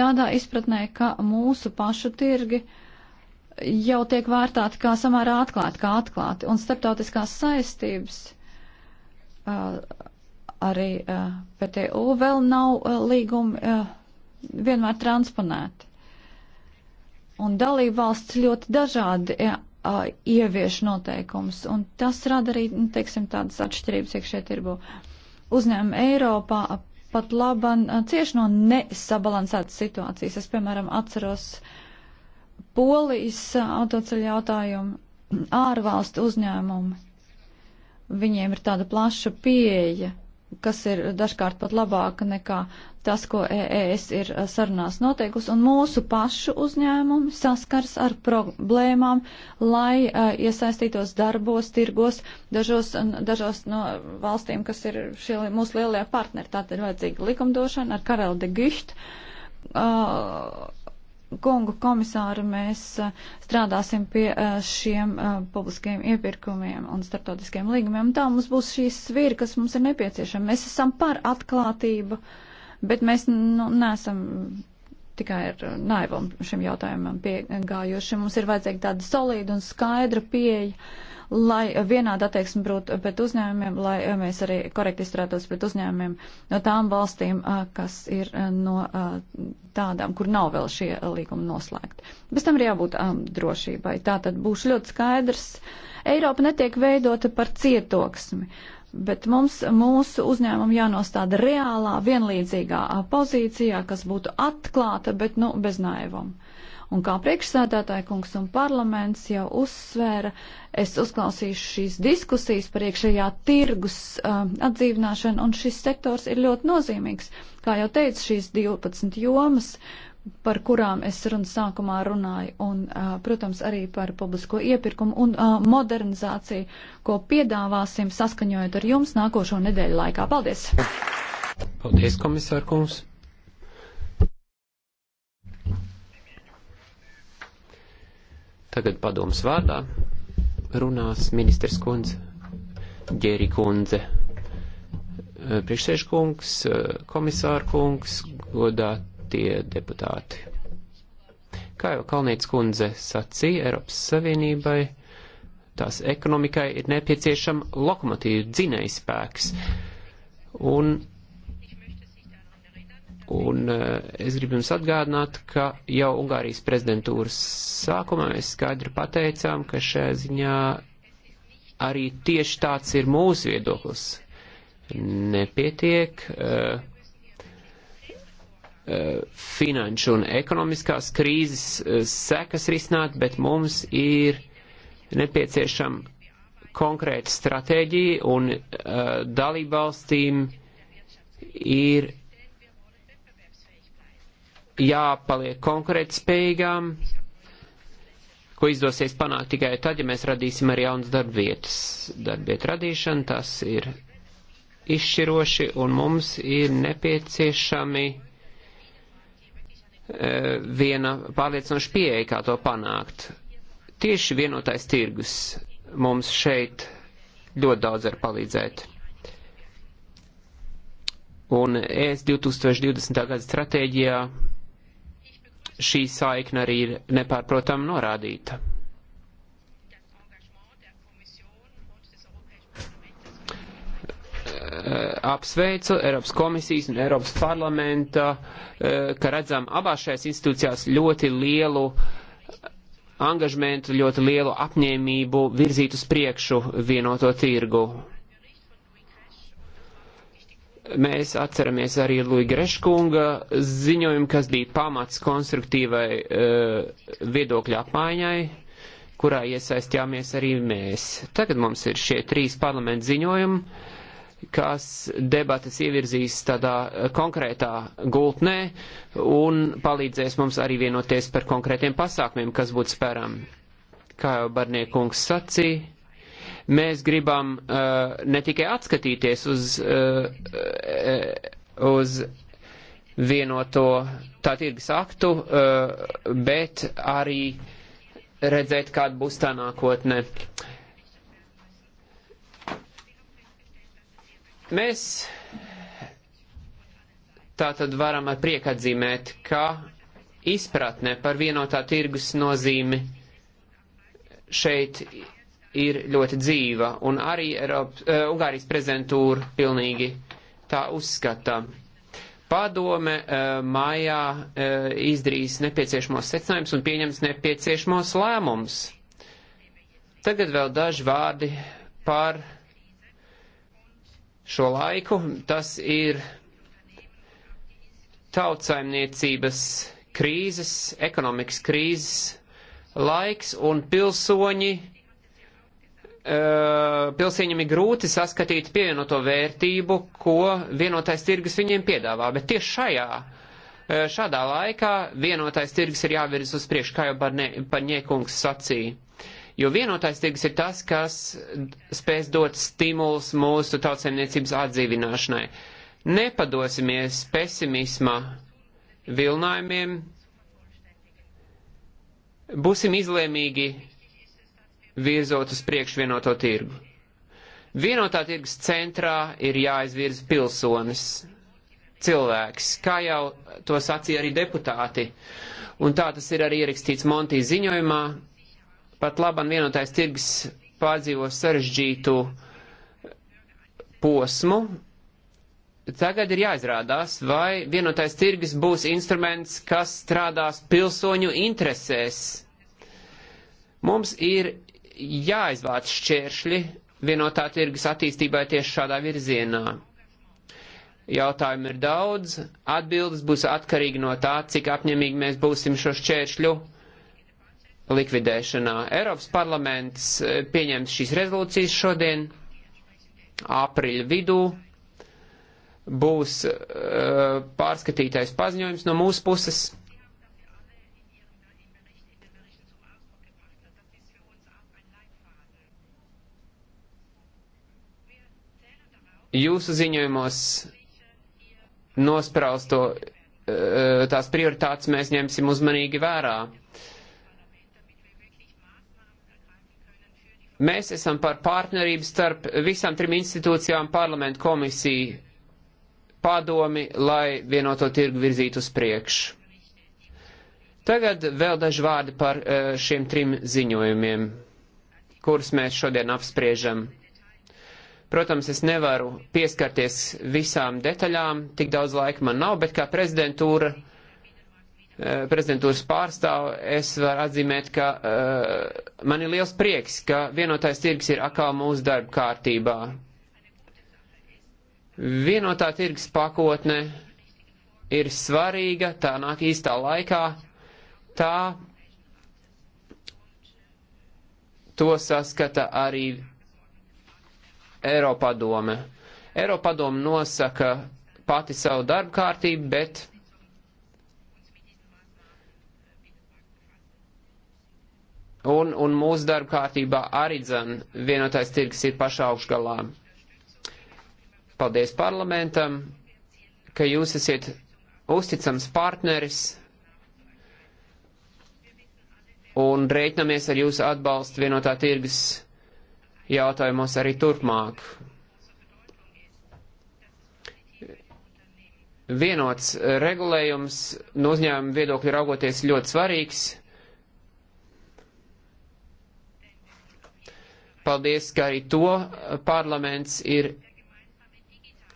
[SPEAKER 4] tādā izpratnē, ka mūsu pašu tirgi jau tiek vērtāti kā samērā atklāti, kā atklāti, un starptautiskās saistības. Uh, arī uh, PTU vēl nav uh, līgumi uh, vienmēr transponēti. Un dalību valsts ļoti dažādi ja, ievieš noteikumus, un tas rada arī, nu, teiksim, tādas atšķirības iekšē tirgu. Uzņēmumi Eiropā pat laban cieš no nesabalansētas situācijas. Es, piemēram, atceros Polijas autoceļa jautājumu ārvalstu uzņēmumu. Viņiem ir tāda plaša pieeja kas ir dažkārt pat labāka nekā tas, ko EES ir eh, sarunās noteikusi, un mūsu pašu uzņēmumi saskars ar problēmām, lai uh, iesaistītos darbos, tirgos dažos, dažos no valstīm, kas ir šie mūsu lielie partneri. Tātad ir vajadzīga likumdošana ar Karel de Gicht. Uh, eh, kungu komisāru mēs eh, strādāsim pie eh, šiem eh, publiskajiem iepirkumiem un starptautiskiem līgumiem. Tā mums būs šī svīra, kas mums ir nepieciešama. Mēs esam par atklātību, bet mēs nu, nesam tikai ar naivam šim jautājumam piegājuši. Mums ir vajadzīga tāda solīda un skaidra pieeja lai vienāda attieksme būtu pret uzņēmumiem, lai mēs arī korekti izturētos pret uzņēmumiem no tām valstīm, kas ir no tādām, kur nav vēl šie līgumi noslēgti. Bez tam ir jābūt drošībai. Tā tad būšu ļoti skaidrs. Eiropa netiek veidota par cietoksmi. Bet mums, mūsu uzņēmumu jānostāda reālā, vienlīdzīgā pozīcijā, kas būtu atklāta, bet, nu, bez naivuma. Un kā priekšsēdētāja kungs un parlaments jau uzsvēra, es uzklausīšu šīs diskusijas par iekšējā tirgus uh, atdzīvināšanu, un šis sektors ir ļoti nozīmīgs. Kā jau teicu, šīs 12 jomas, par kurām es runas sākumā runāju, un, uh, protams, arī par publisko iepirkumu un uh, modernizāciju, ko piedāvāsim saskaņojot ar jums nākošo nedēļu laikā. Paldies!
[SPEAKER 2] Paldies, komisārkungs! Tagad padoms vārdā runās ministrs kundze, ģēri kundze, eh, priekšsēžkungs, eh, komisārkungs, godātie deputāti. Kā jau Kalnietis kundze sacīja, Eiropas Savienībai tās ekonomikai ir nepieciešama lokomotīva dzinējspēks. Un Un eh, es gribu jums atgādināt, ka jau Ungārijas prezidentūras sākumā mēs skaidri pateicām, ka šajā ziņā arī tieši tāds ir mūsu viedoklis. Nepietiek uh, finanšu un ekonomiskās krīzes sekas risināt, bet mums ir nepieciešama konkrēta stratēģija un uh, dalībvalstīm ir jāpaliek konkurētspējīgām, ko izdosies panākt tikai tad, ja mēs radīsim arī jaunas darbvietas. Darbvietu radīšana tas ir izšķiroši un mums ir nepieciešami e, viena pārliecinoša pieeja, kā to panākt. Tieši vienotais tirgus mums šeit ļoti daudz var palīdzēt. Un ES 2020. gada stratēģijā šī saikna arī ir nepārprotam norādīta. apsveicu Eiropas komisijas un Eiropas parlamenta, ka redzam abās šajās institūcijās ļoti lielu angažmentu, ļoti lielu apņēmību virzīt uz priekšu vienoto tirgu mēs atceramies arī Lui Greškunga ziņojumu, kas bija pamats konstruktīvai uh, viedokļa apmaiņai, kurā iesaistījāmies arī mēs. Tagad mums ir šie trīs parlamentu ziņojumi, kas debatas ievirzīs tādā eh, konkrētā gultnē un palīdzēs mums arī vienoties par konkrētiem pasākumiem, kas būtu spēram. Kā jau Barniekungs sacīja, Mēs gribam uh, ne tikai atskatīties uz, uh, uz vienoto tā tirgus aktu, uh, bet arī redzēt, kāda būs tā nākotne. Mēs tā tad varam ar prieku atzīmēt, ka izpratne par vienotā tirgus nozīmi šeit ir ļoti dzīva, un arī Eiropas, uh, Ungārijas prezidentūra pilnīgi tā uzskata. Padome uh, mājā uh, izdarīs nepieciešamos secinājumus un pieņems nepieciešamos lēmumus. Tagad vēl daži vārdi par šo laiku. Tas ir tautsaimniecības krīzes, ekonomikas krīzes laiks, un pilsoņi Eh, pilsēņiem ir grūti saskatīt pievienoto vērtību, ko vienotais tirgus viņiem piedāvā. Bet tieši šajā, eh, šādā laikā vienotais tirgus ir jāvirz uz priekšu, kā jau Barņēkungs sacīja. Jo vienotais tirgus ir tas, kas spēs dot stimulus mūsu tautsēmniecības atdzīvināšanai. Nepadosimies pesimisma vilnājumiem, būsim izlēmīgi virzot uz priekšu vienoto tirgu. Vienotā tirgus centrā ir jāizvirz pilsonis, cilvēks, kā jau to sacīja arī deputāti. Un tā tas ir arī ierakstīts Montī ziņojumā. Pat laban vienotais tirgus pārdzīvo sarežģītu posmu. Tagad ir jāizrādās, vai vienotais tirgus būs instruments, kas strādās pilsoņu interesēs. Mums ir jāizvāc šķēršļi vienotā tirgus attīstībai tieši šādā virzienā. Jautājumu ir daudz, atbildes būs atkarīgi no tā, cik apņemīgi mēs būsim šo šķēršļu likvidēšanā. Eiropas parlaments eh, pieņems šīs rezolūcijas šodien, aprīļa vidū. Būs uh, pārskatītais paziņojums no mūsu puses. jūsu ziņojumos nosprausto e, tās prioritātes mēs ņemsim uzmanīgi vērā. Mēs esam par partnerību starp visām trim institūcijām, parlamentu komisiju, padomi, lai vienoto tirgu virzītu uz priekšu. Tagad vēl daži vārdi par e, šiem trim ziņojumiem, kurus mēs šodien apspriežam. Protams, es nevaru pieskarties visām detaļām, tik daudz laika man nav, bet kā prezidentūra, eh, prezidentūras pārstāv, es varu atzīmēt, ka eh, man ir liels prieks, ka vienotais tirgs ir atkal mūsu darba kārtībā. Vienotā tirgs pakotne ir svarīga, tā nāk īstā laikā, tā to saskata arī Eiropadome. Eiropadome nosaka pati savu darbu kārtību, bet un, un mūsu darba kārtībā arī dzen vienotais tirgus ir pašā augšgalā. Paldies parlamentam, ka jūs esat uzticams partneris un rēķinamies ar jūsu atbalstu vienotā tirgus jautājumos arī turpmāk. Vienots regulējums no uzņēmuma viedokļa raugoties ļoti svarīgs. Paldies, ka arī to parlaments ir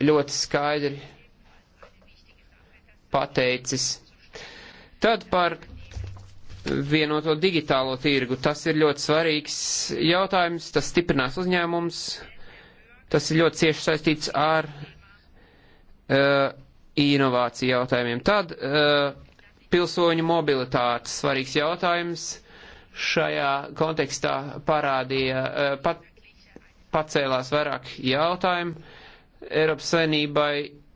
[SPEAKER 2] ļoti skaidri pateicis. Tad par vienoto digitālo tirgu. Tas ir ļoti svarīgs jautājums, tas stiprinās uzņēmums, tas ir ļoti cieši saistīts ar uh, inovāciju jautājumiem. Tad uh, pilsoņu mobilitāte, svarīgs jautājums, šajā kontekstā parādīja, uh, pat, pacēlās vairāk jautājumu. Eiropas savinībai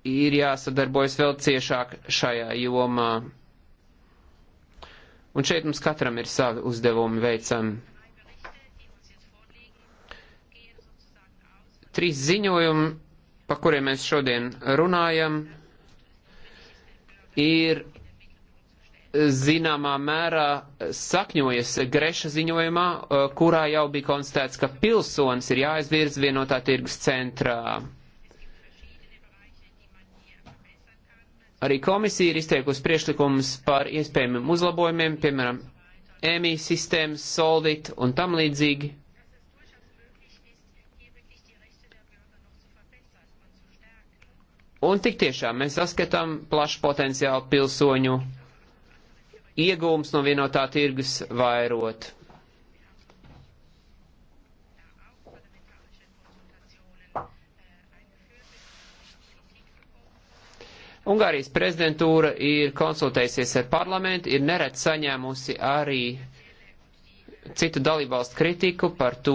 [SPEAKER 2] ir jāsadarbojas vēl ciešāk šajā jomā. Un šeit mums katram ir savi uzdevumi veicami. Trīs ziņojumi, pa kuriem mēs šodien runājam, ir zināmā mērā sakņojas Greša ziņojumā, kurā jau bija konstatēts, ka pilsonis ir jāizvirz vienotā tirgus centrā. Arī komisija ir izteikusi priekšlikumus par iespējamiem uzlabojumiem, piemēram, EMI sistēmas, soldit un tam līdzīgi. Un tik tiešām mēs saskatām plašu potenciālu pilsoņu iegūmus no vienotā tirgus vairot. Ungārijas prezidentūra ir konsultējusies ar parlamentu, ir nerec saņēmusi arī citu dalībvalstu kritiku par to,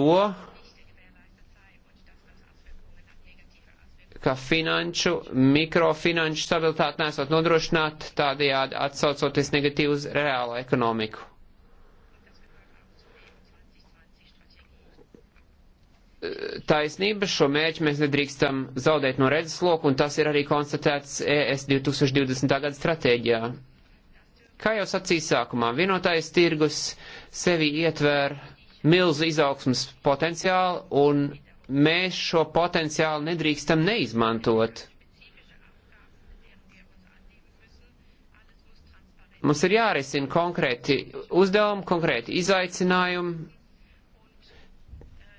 [SPEAKER 2] ka finanšu, mikrofinanšu stabilitāte nesot nodrošināta tādējādi atsaucoties negatīvi uz reālo ekonomiku. taisnība, šo mērķi mēs nedrīkstam zaudēt no redzesloku, un tas ir arī konstatēts e ES 2020. gada stratēģijā. Kā jau sacīja sākumā, vienotais tirgus sevi ietver milzu izaugsmas potenciālu, un mēs šo potenciālu nedrīkstam neizmantot. Mums ir jārisina konkrēti uzdevumi, konkrēti izaicinājumi,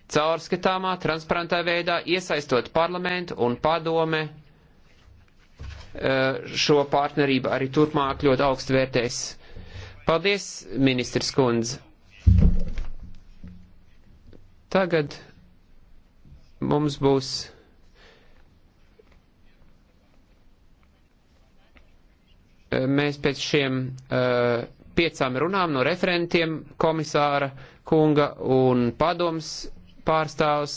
[SPEAKER 2] caurskatāmā, transparentā veidā, iesaistot parlamentu un padome eh, šo partnerību arī turpmāk ļoti augstu vērtēs. Paldies, ministrs kundze. Tagad mums būs eh, mēs pēc šiem uh, piecām runām no referentiem komisāra kunga un padoms pārstāvs.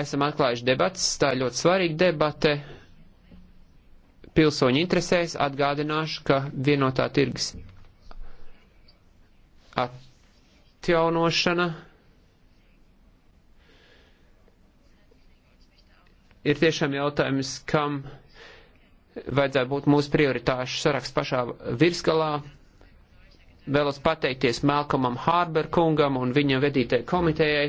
[SPEAKER 2] Esam atklājuši debatas, tā ir ļoti svarīga debate. Pilsoņu interesēs atgādināšu, ka vienotā tirgus atjaunošana ir tiešām jautājums, kam vajadzētu būt mūsu prioritāšu saraksts pašā virsgalā. Vēlos pateikties Melkamam Hārberkungam un viņa vedītajai komitejai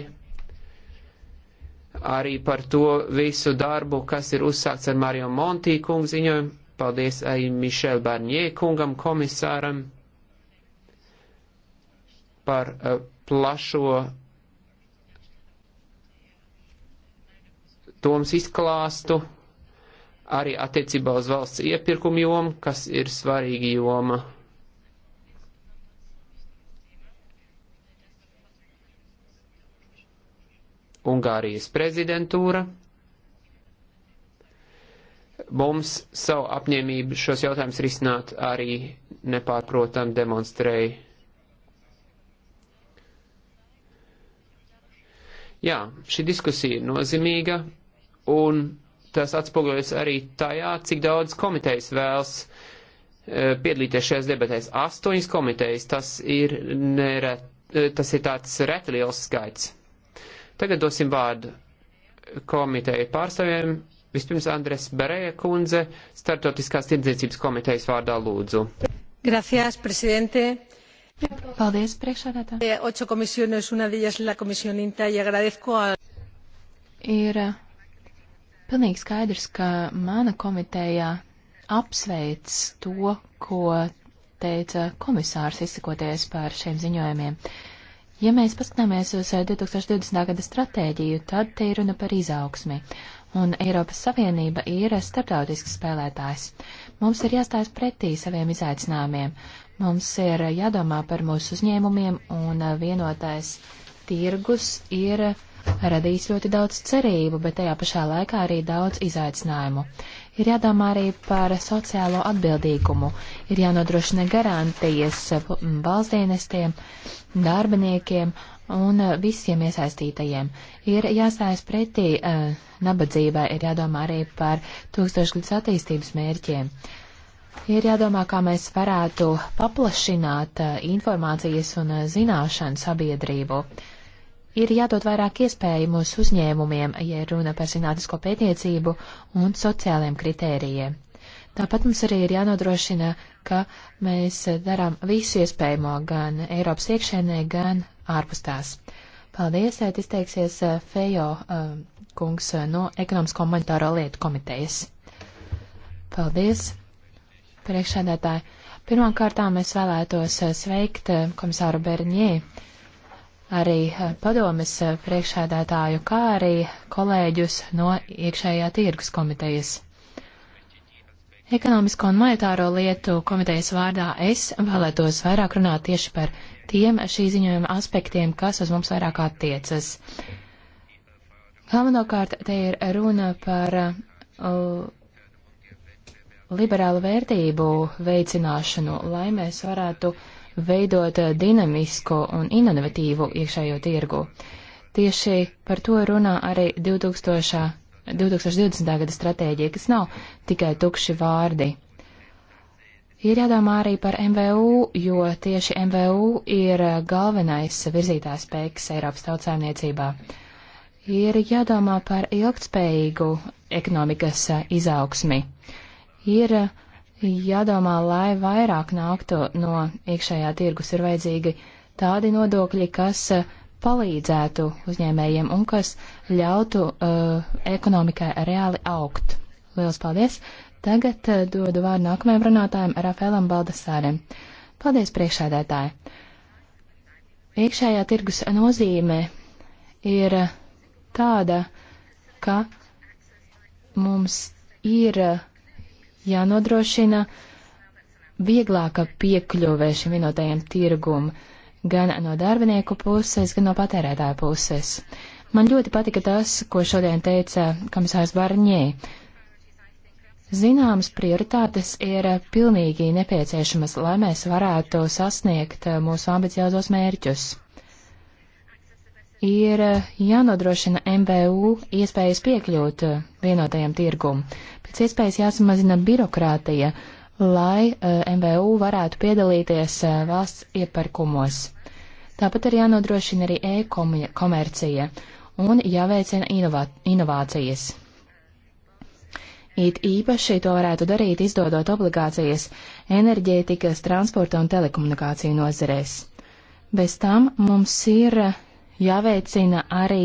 [SPEAKER 2] arī par to visu darbu, kas ir uzsākts ar Mario Monti kungu ziņojumu. Paldies arī Mišel Barņē kungam, komisāram, par uh, plašo toms izklāstu, arī attiecībā uz valsts iepirkumu jomu, kas ir svarīga joma. Ungārijas prezidentūra. Mums savu apņēmību šos jautājumus risināt arī nepārprotam demonstrēja. Jā, šī diskusija ir nozīmīga, un tas atspoguļojas arī tajā, cik daudz komitejas vēlas e, piedalīties šajās debatēs. Astoņas komitejas, tas ir, neret, e, tas ir tāds reti liels skaits. Tagad dosim vārdu komiteju pārstāvjiem. Vispirms Andres Bereja kundze, Startautiskās tirdzniecības komitejas vārdā lūdzu.
[SPEAKER 4] Gracias, presidente. Paldies, priekšādātā. Eh, ocho komisiones, una de ellas la comisión INTA, y agradezco a...
[SPEAKER 3] Ir eh, pilnīgi skaidrs, ka mana komiteja apsveic to, ko teica komisārs izsakoties par šiem ziņojumiem. Uh, Ja mēs paskatāmies uz 2020. Eh, gada stratēģiju, tad te ir runa par izaugsmi. Un Eiropas Savienība ir starptautisks spēlētājs. Mums ir jāstājas pretī saviem izaicinājumiem. Mums ir jādomā par mūsu uzņēmumiem, un eh, vienotais tirgus ir radījis ļoti daudz cerību, bet tajā pašā laikā arī daudz izaicinājumu. Ir jādomā arī par sociālo atbildīgumu, ir jānodrošina garantijas valstdienestiem, darbiniekiem un visiem iesaistītajiem. Ir jāstājas pretī uh, nabadzībai, ir jādomā arī par tūkstošgadus attīstības mērķiem. Ir jādomā, kā mēs varētu paplašināt uh, informācijas un uh, zināšanu sabiedrību. Uh, ir jādod vairāk iespēju mūsu uzņēmumiem, ja runa par zinātnisko pētniecību un sociāliem kritērijiem. Tāpat mums arī ir jānodrošina, ka mēs darām visu iespējamo gan Eiropas iekšēnē, gan ārpus tās. Paldies, ēt izteiksies Fejo kungs no Ekonomisko monetāro lietu komitejas. Paldies, priekšsēdētāji. Pirmkārtām es vēlētos sveikt komisāru Berņē arī eh, padomes eh, priekšēdētāju, kā arī kolēģus no iekšējā tirgus komitejas. Ekonomisko un monetāro lietu komitejas vārdā es vēlētos vairāk runāt tieši par tiem šī ziņojuma aspektiem, kas uz mums vairāk attiecas. Galvenokārt te ir runa par uh, liberālu vērtību veicināšanu, lai mēs varētu uh, veidot eh, dinamisku un inovatīvu iekšējo tirgu. Tieši par to runā arī 2000, 2020. gada stratēģija, kas nav tikai tukši vārdi. Ir jādomā arī par MVU, jo tieši MVU ir eh, galvenais virzītājs spēks Eiropas tautsājumniecībā. Ir jādomā par ilgtspējīgu ekonomikas eh, izaugsmi. Ir uh, jādomā, lai vairāk nāktu no iekšējā tirgus, ir vajadzīgi tādi nodokļi, kas uh, palīdzētu uzņēmējiem un kas ļautu uh, ekonomikai reāli augt. Lielas paldies! Tagad uh, dodu vārdu nākamajam runātājam Rafēlam Baldasārim. Paldies, priekšsēdētāji! Iekšējā tirgus nozīme ir uh, tāda, ka mums ir uh, jānodrošina vieglāka piekļuve šim vienotajam tirgum gan no darbinieku puses, gan no patērētāju puses. Man ļoti patika tas, ko šodien teica komisārs Barņē. Zināmas prioritātes ir pilnīgi nepieciešamas, lai mēs varētu sasniegt mūsu ambiciozos mērķus ir eh, jānodrošina MBU iespējas piekļūt eh, vienotajam tirgum. Pēc iespējas jāsamazina birokrātija, lai eh, MBU varētu piedalīties valsts iepirkumos. Tāpat ir jānodrošina arī e-komercija un jāveicina inovā inovācijas. It īpaši to varētu darīt izdodot obligācijas enerģētikas, transporta un telekomunikāciju nozerēs. Bez tam mums ir jāveicina arī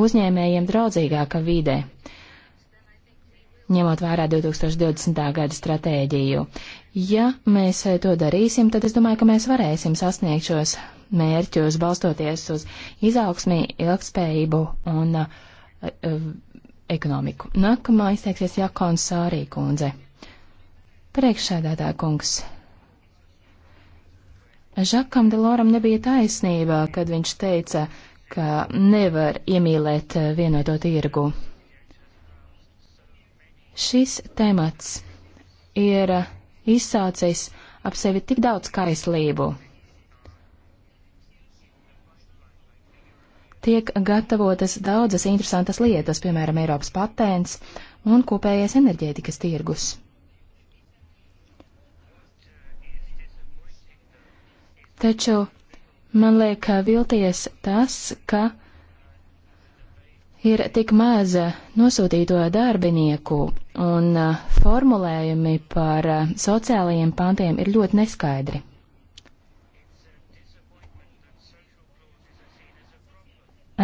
[SPEAKER 3] uzņēmējiem draudzīgāka vide, ņemot vērā 2020. gada stratēģiju. Ja mēs to darīsim, tad es domāju, ka mēs varēsim sasniegt šos mērķus, balstoties uz izaugsmī, ilgspējību un uh, uh, ekonomiku. Nākamā izteiksies Jakons Sārī kundze. Priekšsēdētā kungs. Žakam Deloram nebija taisnība, kad viņš teica, ka nevar iemīlēt eh, vienoto tirgu. Šis temats ir eh, izsācis ap sevi tik daudz kaislību. Tiek gatavotas daudzas interesantas lietas, piemēram, Eiropas patents un kopējais enerģētikas tirgus. Taču man liek vilties tas, ka ir tik maz nosūtīto darbinieku, un formulējumi par sociālajiem pantiem ir ļoti neskaidri.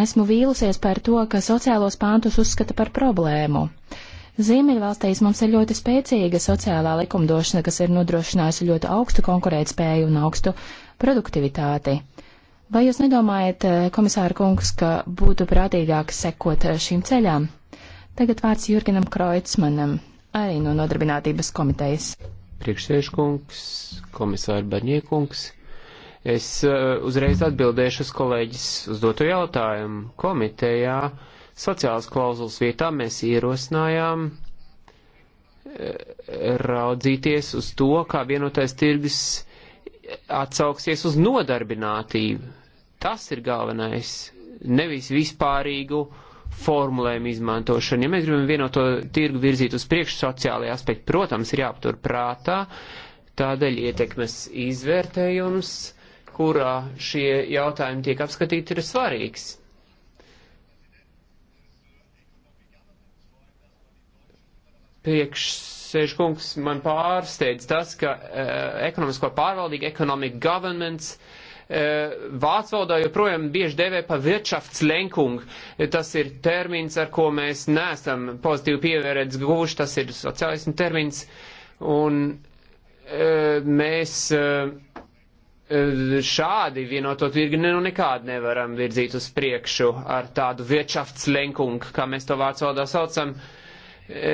[SPEAKER 3] Esmu vīlusies par to, ka sociālos pantus uzskata par problēmu. Ziemeļvalstīs mums ir ļoti spēcīga sociālā likumdošana, kas ir nodrošinājusi ļoti augstu konkurētspēju un augstu produktivitāti. Vai jūs nedomājat, eh, komisāra kungs, ka būtu prātīgāk sekot eh, šīm ceļām? Tagad vārds Jurginam Kreutzmanam, arī no nodarbinātības komitejas.
[SPEAKER 2] Priekšsēžkungs, komisāra Barņiekungs, es eh, uzreiz atbildēšu uz kolēģis uzdoto jautājumu. Komitejā sociālas klauzulas vietā mēs ierosinājām raudzīties uz to, kā vienotais tirgus atsauksies uz nodarbinātību. Tas ir galvenais, nevis vispārīgu formulējumu izmantošanu. Ja mēs gribam vienoto tirgu virzīt uz priekšu sociālajā aspektu, protams, ir jāaptur prātā, tādēļ ietekmes izvērtējums, kurā šie jautājumi tiek apskatīti, ir svarīgs. Priekš priekšsēž kungs, man pārsteidz tas, ka uh, ekonomisko pārvaldību, economic governments, uh, vācu valodā joprojām bieži dēvē pa wirtschaftslenkung. Tas ir termins, ar ko mēs neesam pozitīvi pieredzi guvuši, tas ir sociālismu termins. Un uh, mēs. Uh, šādi vienoto tirgu nu nekādu nevaram virzīt uz priekšu ar tādu vietšafts lenkungu, kā mēs to vācu valodā saucam. E,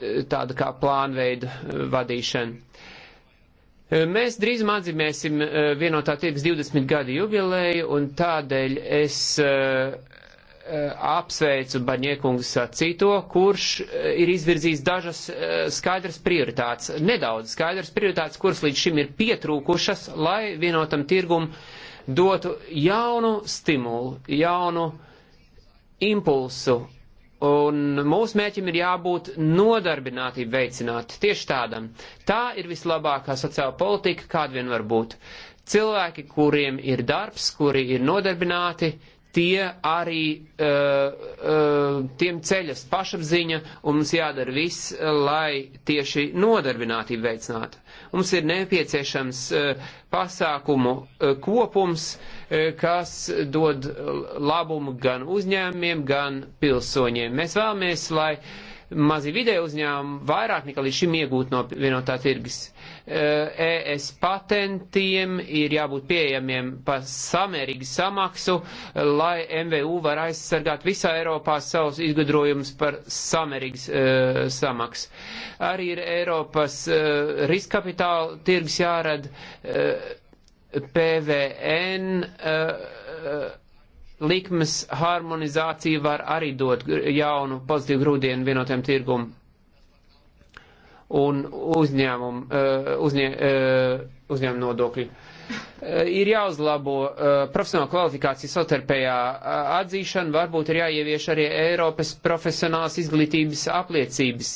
[SPEAKER 2] tāda kā plānveida eh, vadīšana. Eh, mēs drīz atzīmēsim eh, vienotā tirgus 20 gadu jubileju, un tādēļ es apsveicu Baņiekungu sacīto, kurš ir izvirzījis dažas skaidras prioritātes, nedaudz skaidras prioritātes, kuras līdz šim ir pietrūkušas, lai vienotam tirgum dotu jaunu stimulu, jaunu impulsu Un mūsu mērķim ir jābūt nodarbinātību veicināt tieši tādam. Tā ir vislabākā sociāla politika, kāda vien var būt. Cilvēki, kuriem ir darbs, kuri ir nodarbināti, uh, tie arī uh, uh, tiem ceļas pašapziņa, un mums jādara viss, lai tieši nodarbinātību veicinātu. Mums ir nepieciešams uh, pasākumu uh, kopums, uh, kas dod labumu gan uzņēmumiem, gan pilsoņiem. Mēs vēlamies, lai mazi vidē uzņēmumi vairāk nekā līdz šim iegūtu no vienotā tirgus ES eh, e patentiem ir jābūt pieejamiem pa samērīgu samaksu, lai MVU var aizsargāt visā Eiropā savus izgudrojumus par samērīgu uh, eh, samaksu. Arī ir Eiropas uh, eh, riskapitāla tirgs jārada uh, PVN. Uh, uh, likmes harmonizācija var arī dot jaunu pozitīvu grūdienu vienotiem tirgumam un eh, eh, uzņēmumu, uzņē, uzņēmumu nodokļu. Eh, ir jāuzlabo profesionāla kvalifikācija sotarpējā atzīšana, varbūt ir jāievieš arī Eiropas profesionālās izglītības apliecības.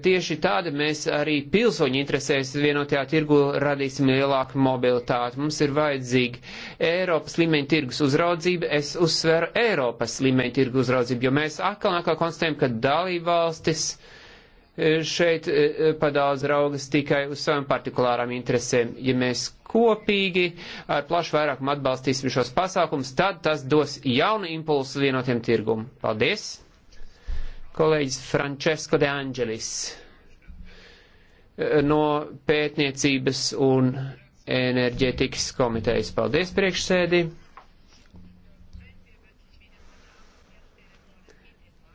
[SPEAKER 2] Tieši tāda mēs arī pilsoņu interesēs vienotajā tirgu radīsim lielāku mobilitāti. Mums ir vajadzīga Eiropas līmeņa tirgus uzraudzība. Es uzsveru Eiropas līmeņa tirgu uzraudzību, jo mēs atkal nākā konstatējam, ka dalībvalstis valstis šeit e, padaudz raugas tikai uz savām partikulārām interesēm. Ja mēs kopīgi ar plašu vairākumu atbalstīsim šos pasākums, tad tas dos jaunu impulsu vienotiem tirgumu. Paldies! Kolēģis Francesco de Angelis e, no pētniecības un enerģētikas komitejas. Paldies priekšsēdī!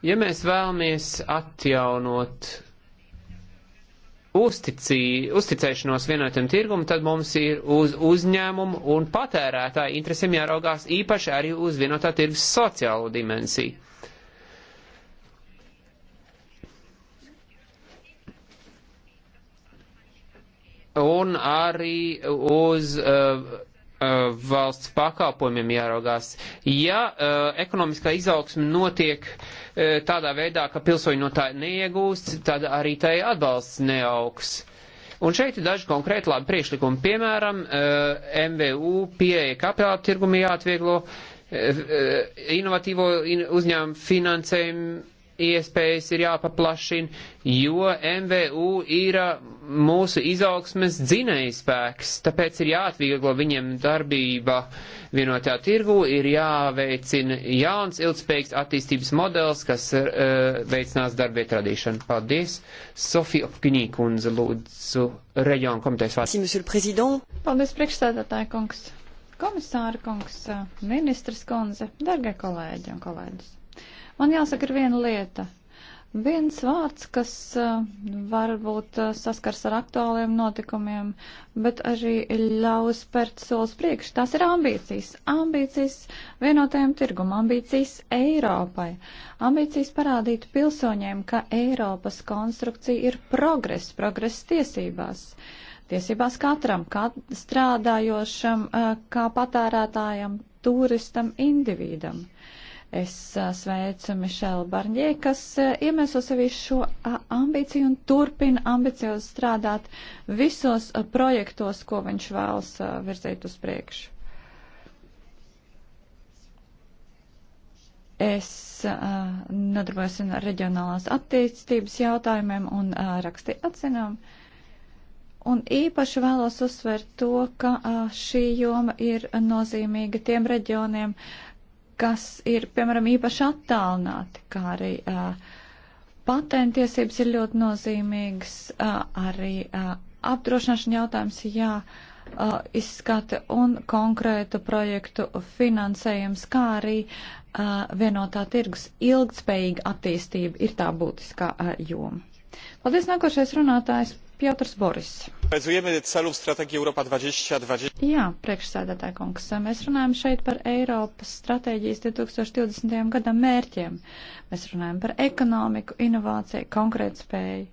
[SPEAKER 2] Ja mēs vēlamies atjaunot uzticī, uzticēšanos vienotam tirgumam, tad mums ir uz uzņēmumu un patērētāju interesēm jāraugās īpaši arī uz vienotā tirgus sociālo dimensiju. Un arī uz uh, uh, valsts pakalpojumiem jāraugās. Ja uh, ekonomiskā izaugsme notiek uh, E, tādā veidā, ka pilsoņi no tā neiegūst, tad arī tai atbalsts neaugs. Un šeit ir daži konkrēti labi priekšlikumi. Piemēram, e, MVU pieeja kapitāla tirgumi jāatvieglo, e, inovatīvo uzņēmumu finansējumu iespējas ir jāpaplašina, jo MVU ir uh, mūsu izaugsmes dzinējspēks, tāpēc ir jāatvieglo viņiem darbība vienotā tirgu, ir jāveicina jauns ilgspējīgs attīstības modelis, kas uh, veicinās darbvietu radīšanu. Paldies! Sofija Opkinī kundze lūdzu reģionu komitejas vārdu.
[SPEAKER 4] Paldies, priekšsēdētāja kungs, komisāra kungs, ministrs kundze, dargie kolēģi un kolēģis. Man jāsaka ir viena lieta. Viens vārds, kas uh, varbūt uh, saskars ar aktuāliem notikumiem, bet arī ļaus spērt solis priekš, tās ir ambīcijas. Ambīcijas vienotajam tirgum, ambīcijas Eiropai. Ambīcijas parādīt pilsoņiem, ka Eiropas konstrukcija ir progress, progress tiesībās. Tiesībās katram, kā strādājošam, uh, kā patērētājam, turistam, individam. Es sveicu Mišelu Barņē, kas iemieso sevī šo ambīciju un turpina ambiciozi strādāt visos projektos, ko viņš vēlas virzīt uz priekšu. Es nodarbojos ar reģionālās attīstības jautājumiem un rakstīju atzinām. Un īpaši vēlos uzsvērt to, ka šī joma ir nozīmīga tiem reģioniem, uh, kas ir, piemēram, īpaši attālināti, kā arī uh, patentiesības ir ļoti nozīmīgas, uh, arī uh, apdrošināšana jautājums jā uh, izskata un konkrētu projektu finansējums, kā arī uh, vienotā tirgus ilgtspējīga attīstība ir tā būtiskā uh, joma. Paldies, nākošais runātājs Piotrs Boris. Jā, priekšsēdētāji kungs, mēs runājam šeit par Eiropas stratēģijas 2020. gadam mērķiem. Mēs runājam par ekonomiku, inovāciju, konkurētspēju.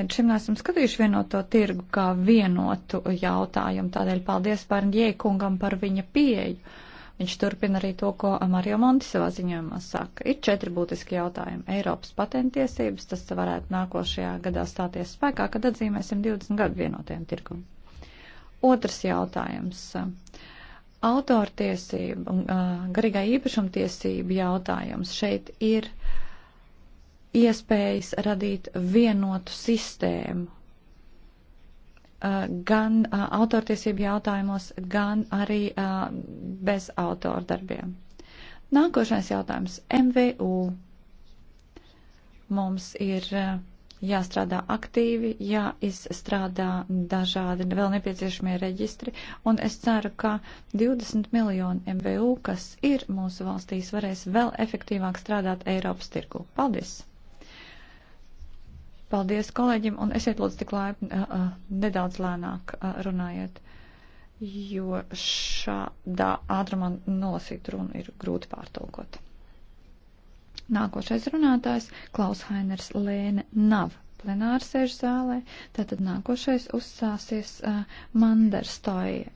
[SPEAKER 4] Līdz šim neesam skatījuši vienoto tirgu kā vienotu jautājumu, tādēļ paldies par Jēkungam par viņa pieeju Viņš turpina arī to, ko Mario Monti savā ziņojumā saka. Ir četri būtiski jautājumi. Eiropas patentiesības, tas varētu nākošajā gadā stāties spēkā, kad atzīmēsim 20 gadu vienotiem tirgumiem. Otrs jautājums. Autortiesība un uh, garīgā īpašumtiesība jautājums šeit ir iespējas radīt vienotu sistēmu gan autortiesību jautājumos, gan arī bez autora darbiem. Nākošais jautājums - MVU. Mums ir jāstrādā aktīvi, jāizstrādā dažādi vēl nepieciešamie reģistri, un es ceru, ka 20 miljoni MVU, kas ir mūsu valstīs, varēs vēl efektīvāk strādāt Eiropas tirgu. Paldies! Paldies kolēģim, un esiet lūdzu tik laipni, uh, uh, nedaudz lēnāk uh, runājiet, jo šādā ātrumā nolasīt runu ir grūti pārtulkot. Nākošais runātājs Klaus Hainers Lēne nav plenāra sēžu zālē, tātad nākošais uzsāsies uh, Manderstoja.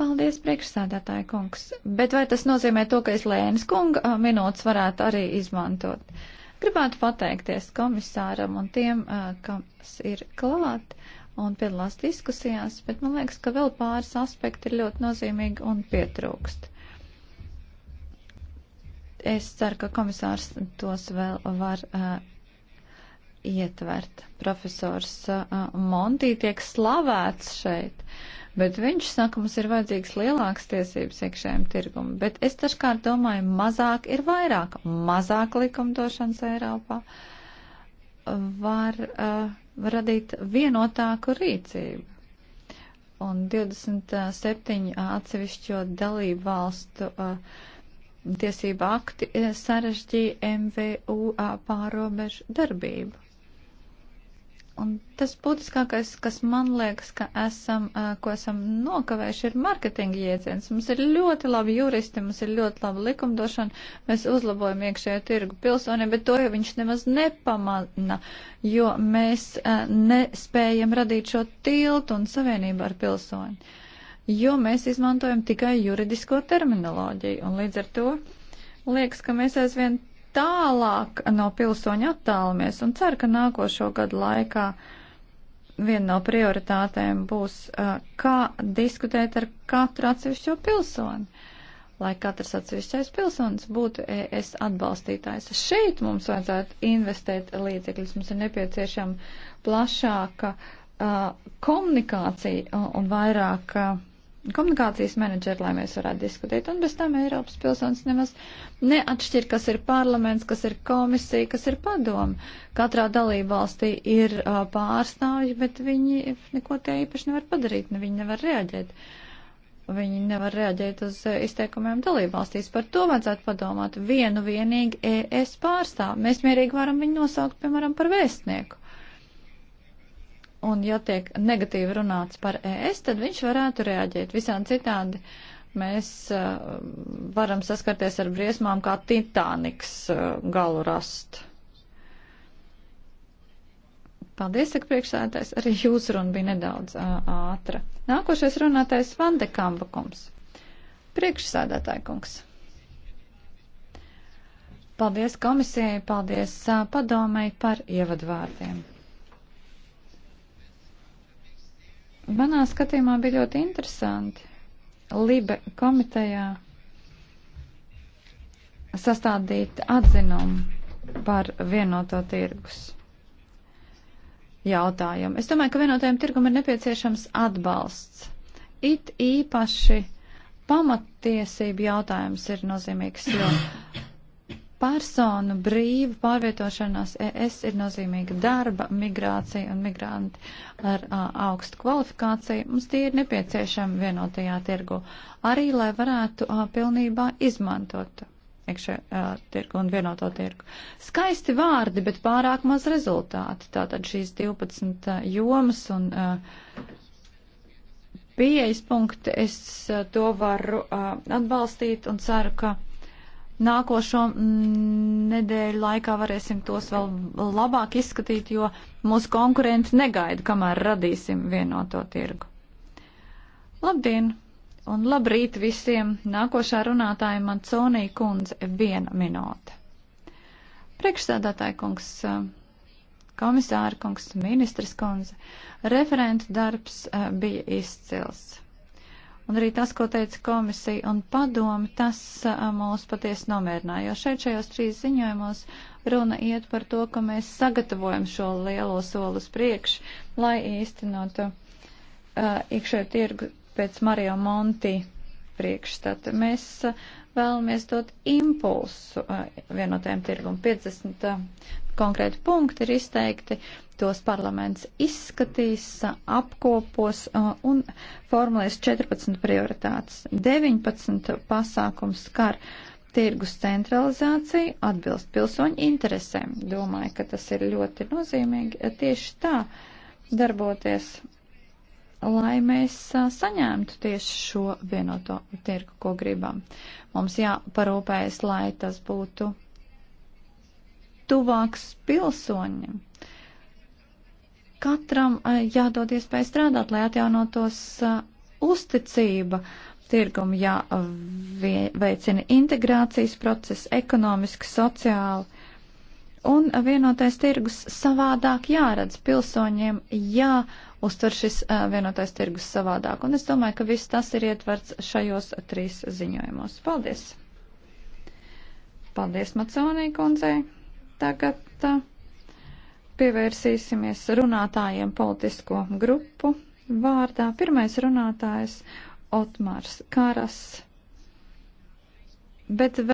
[SPEAKER 4] Paldies, priekšsādātāja kungs, bet vai tas nozīmē to, ka es Lēnes kunga minūtes varētu arī izmantot? Uh, Gribētu pateikties komisāram un tiem, kas ir klāt un piedalās diskusijās, bet man liekas, ka vēl pāris aspekti ir ļoti nozīmīgi un pietrūkst. Es ceru, ka komisārs tos vēl var uh, ietverta. Profesors uh, Monti tiek slavēts šeit, bet viņš saka, mums ir vajadzīgs lielāks tiesības iekšējiem tirgumam. Bet es taškārt domāju, mazāk ir vairāk, mazāk likumdošanas Eiropā var uh, radīt vienotāku rīcību. Un 27 atsevišķo dalību valstu uh, tiesību akti uh, sarežģīja MVU uh, pārobežu darbību. Un tas būtiskākais, kas man liekas, ka esam, ko esam nokavējuši, ir marketinga jēdziens. Mums ir ļoti labi juristi, mums ir ļoti laba likumdošana, mēs uzlabojam iekšējo tirgu pilsoniem, bet to jau viņš nemaz nepamana, jo mēs nespējam radīt šo tiltu un savienību ar pilsoni, jo mēs izmantojam tikai juridisko terminoloģiju. Un līdz ar to liekas, ka mēs aizvien tālāk no pilsoņa attālumies un ceru, ka nākošo gadu laikā viena no prioritātēm būs, uh, kā diskutēt ar katru atsevišķo pilsoni, lai katrs atsevišķais pilsonis būtu ES atbalstītājs. Šeit mums vajadzētu investēt līdzekļus, mums ir nepieciešama plašāka uh, komunikācija un vairāk. Uh, komunikācijas menedžeri, lai mēs varētu diskutēt. Un bez tam Eiropas pilsonis nemaz neatšķir, kas ir parlaments, kas ir komisija, kas ir padoma. Katrā dalība valstī ir uh, pārstāvji, bet viņi neko tie īpaši nevar padarīt, ne viņi nevar reaģēt. Viņi nevar reaģēt uz izteikumiem dalībvalstīs. Par to vajadzētu padomāt. Vienu vienīgi ES pārstāv. Mēs mierīgi varam viņu nosaukt, piemēram, par vēstnieku un ja tiek negatīvi runāts par ES, tad viņš varētu reaģēt visām citādi. Mēs uh, varam saskarties ar briesmām kā Titaniks uh, eh, galu rast. Paldies, saka priekšsēdētājs. Arī jūsu runa bija nedaudz uh, ātra. Nākošais runātājs Vandekamba kungs. Priekšsēdētāja kungs. Paldies komisijai, paldies uh, padomai par ievadvārdiem. Manā skatījumā bija ļoti interesanti. Libe komitejā sastādīt atzinumu par vienoto tirgus jautājumu. Es domāju, ka vienotajam tirgum ir nepieciešams atbalsts. It īpaši pamattiesību jautājums ir nozīmīgs, jo Personu brīva pārvietošanās ES ir nozīmīga darba, migrācija un migranti ar a, augstu kvalifikāciju. Mums tie ir nepieciešami vienotajā tirgu, arī lai varētu a, pilnībā izmantot iekšē uh, tirgu un vienoto tirgu. Skaisti vārdi, bet pārāk maz rezultāti. Tātad šīs 12 uh, jomas un uh, pieejas punkti es uh, to varu uh, atbalstīt un ceru, ka nākošo mm, nedēļu laikā varēsim tos vēl labāk izskatīt, jo mūsu konkurenti negaida, kamēr radīsim vienoto tirgu. Labdien! Un labrīt visiem! Nākošā runātāja man Conija kundze viena minūte. Priekšsēdētāja kungs, komisāra kungs, ministrs kundze, referentu darbs eh, bija izcils. Un arī tas, ko teica komisija un padomi, tas mūs patiesi nomierināja. Jo šeit šajos trīs ziņojumos runa iet par to, ka mēs sagatavojam šo lielo soli uz priekšu, lai īstenotu uh, iekšējo tirgu pēc Mario Monti priekšstata. Mēs uh, vēlamies dot impulsu uh, vienotajam tirgum. 50 uh, konkrēti punkti ir izteikti. Uh, tos parlaments izskatīs, apkopos un formulēs 14 prioritātes. 19 pasākums skar tirgus centralizāciju atbilst pilsoņu interesēm. Domāju, ka tas ir ļoti nozīmīgi tieši tā darboties, lai mēs saņemtu tieši šo vienoto tirgu, ko gribam. Mums jāparūpējas, lai tas būtu tuvāks pilsoņiem katram jādod iespēja strādāt, lai atjaunotos uzticība tirgumu, jāveicina integrācijas process, ekonomiski, sociāli. Un vienotais tirgus savādāk jāredz pilsoņiem, jāuztver šis vienotais tirgus savādāk. Un es domāju, ka viss tas ir ietverts šajos trīs ziņojumos. Paldies! Paldies Maconī kundzei! Tagad. Uh, Pievērsīsimies runātājiem politisko grupu vārdā. Pirmais runātājs Otmārs Karas. Bet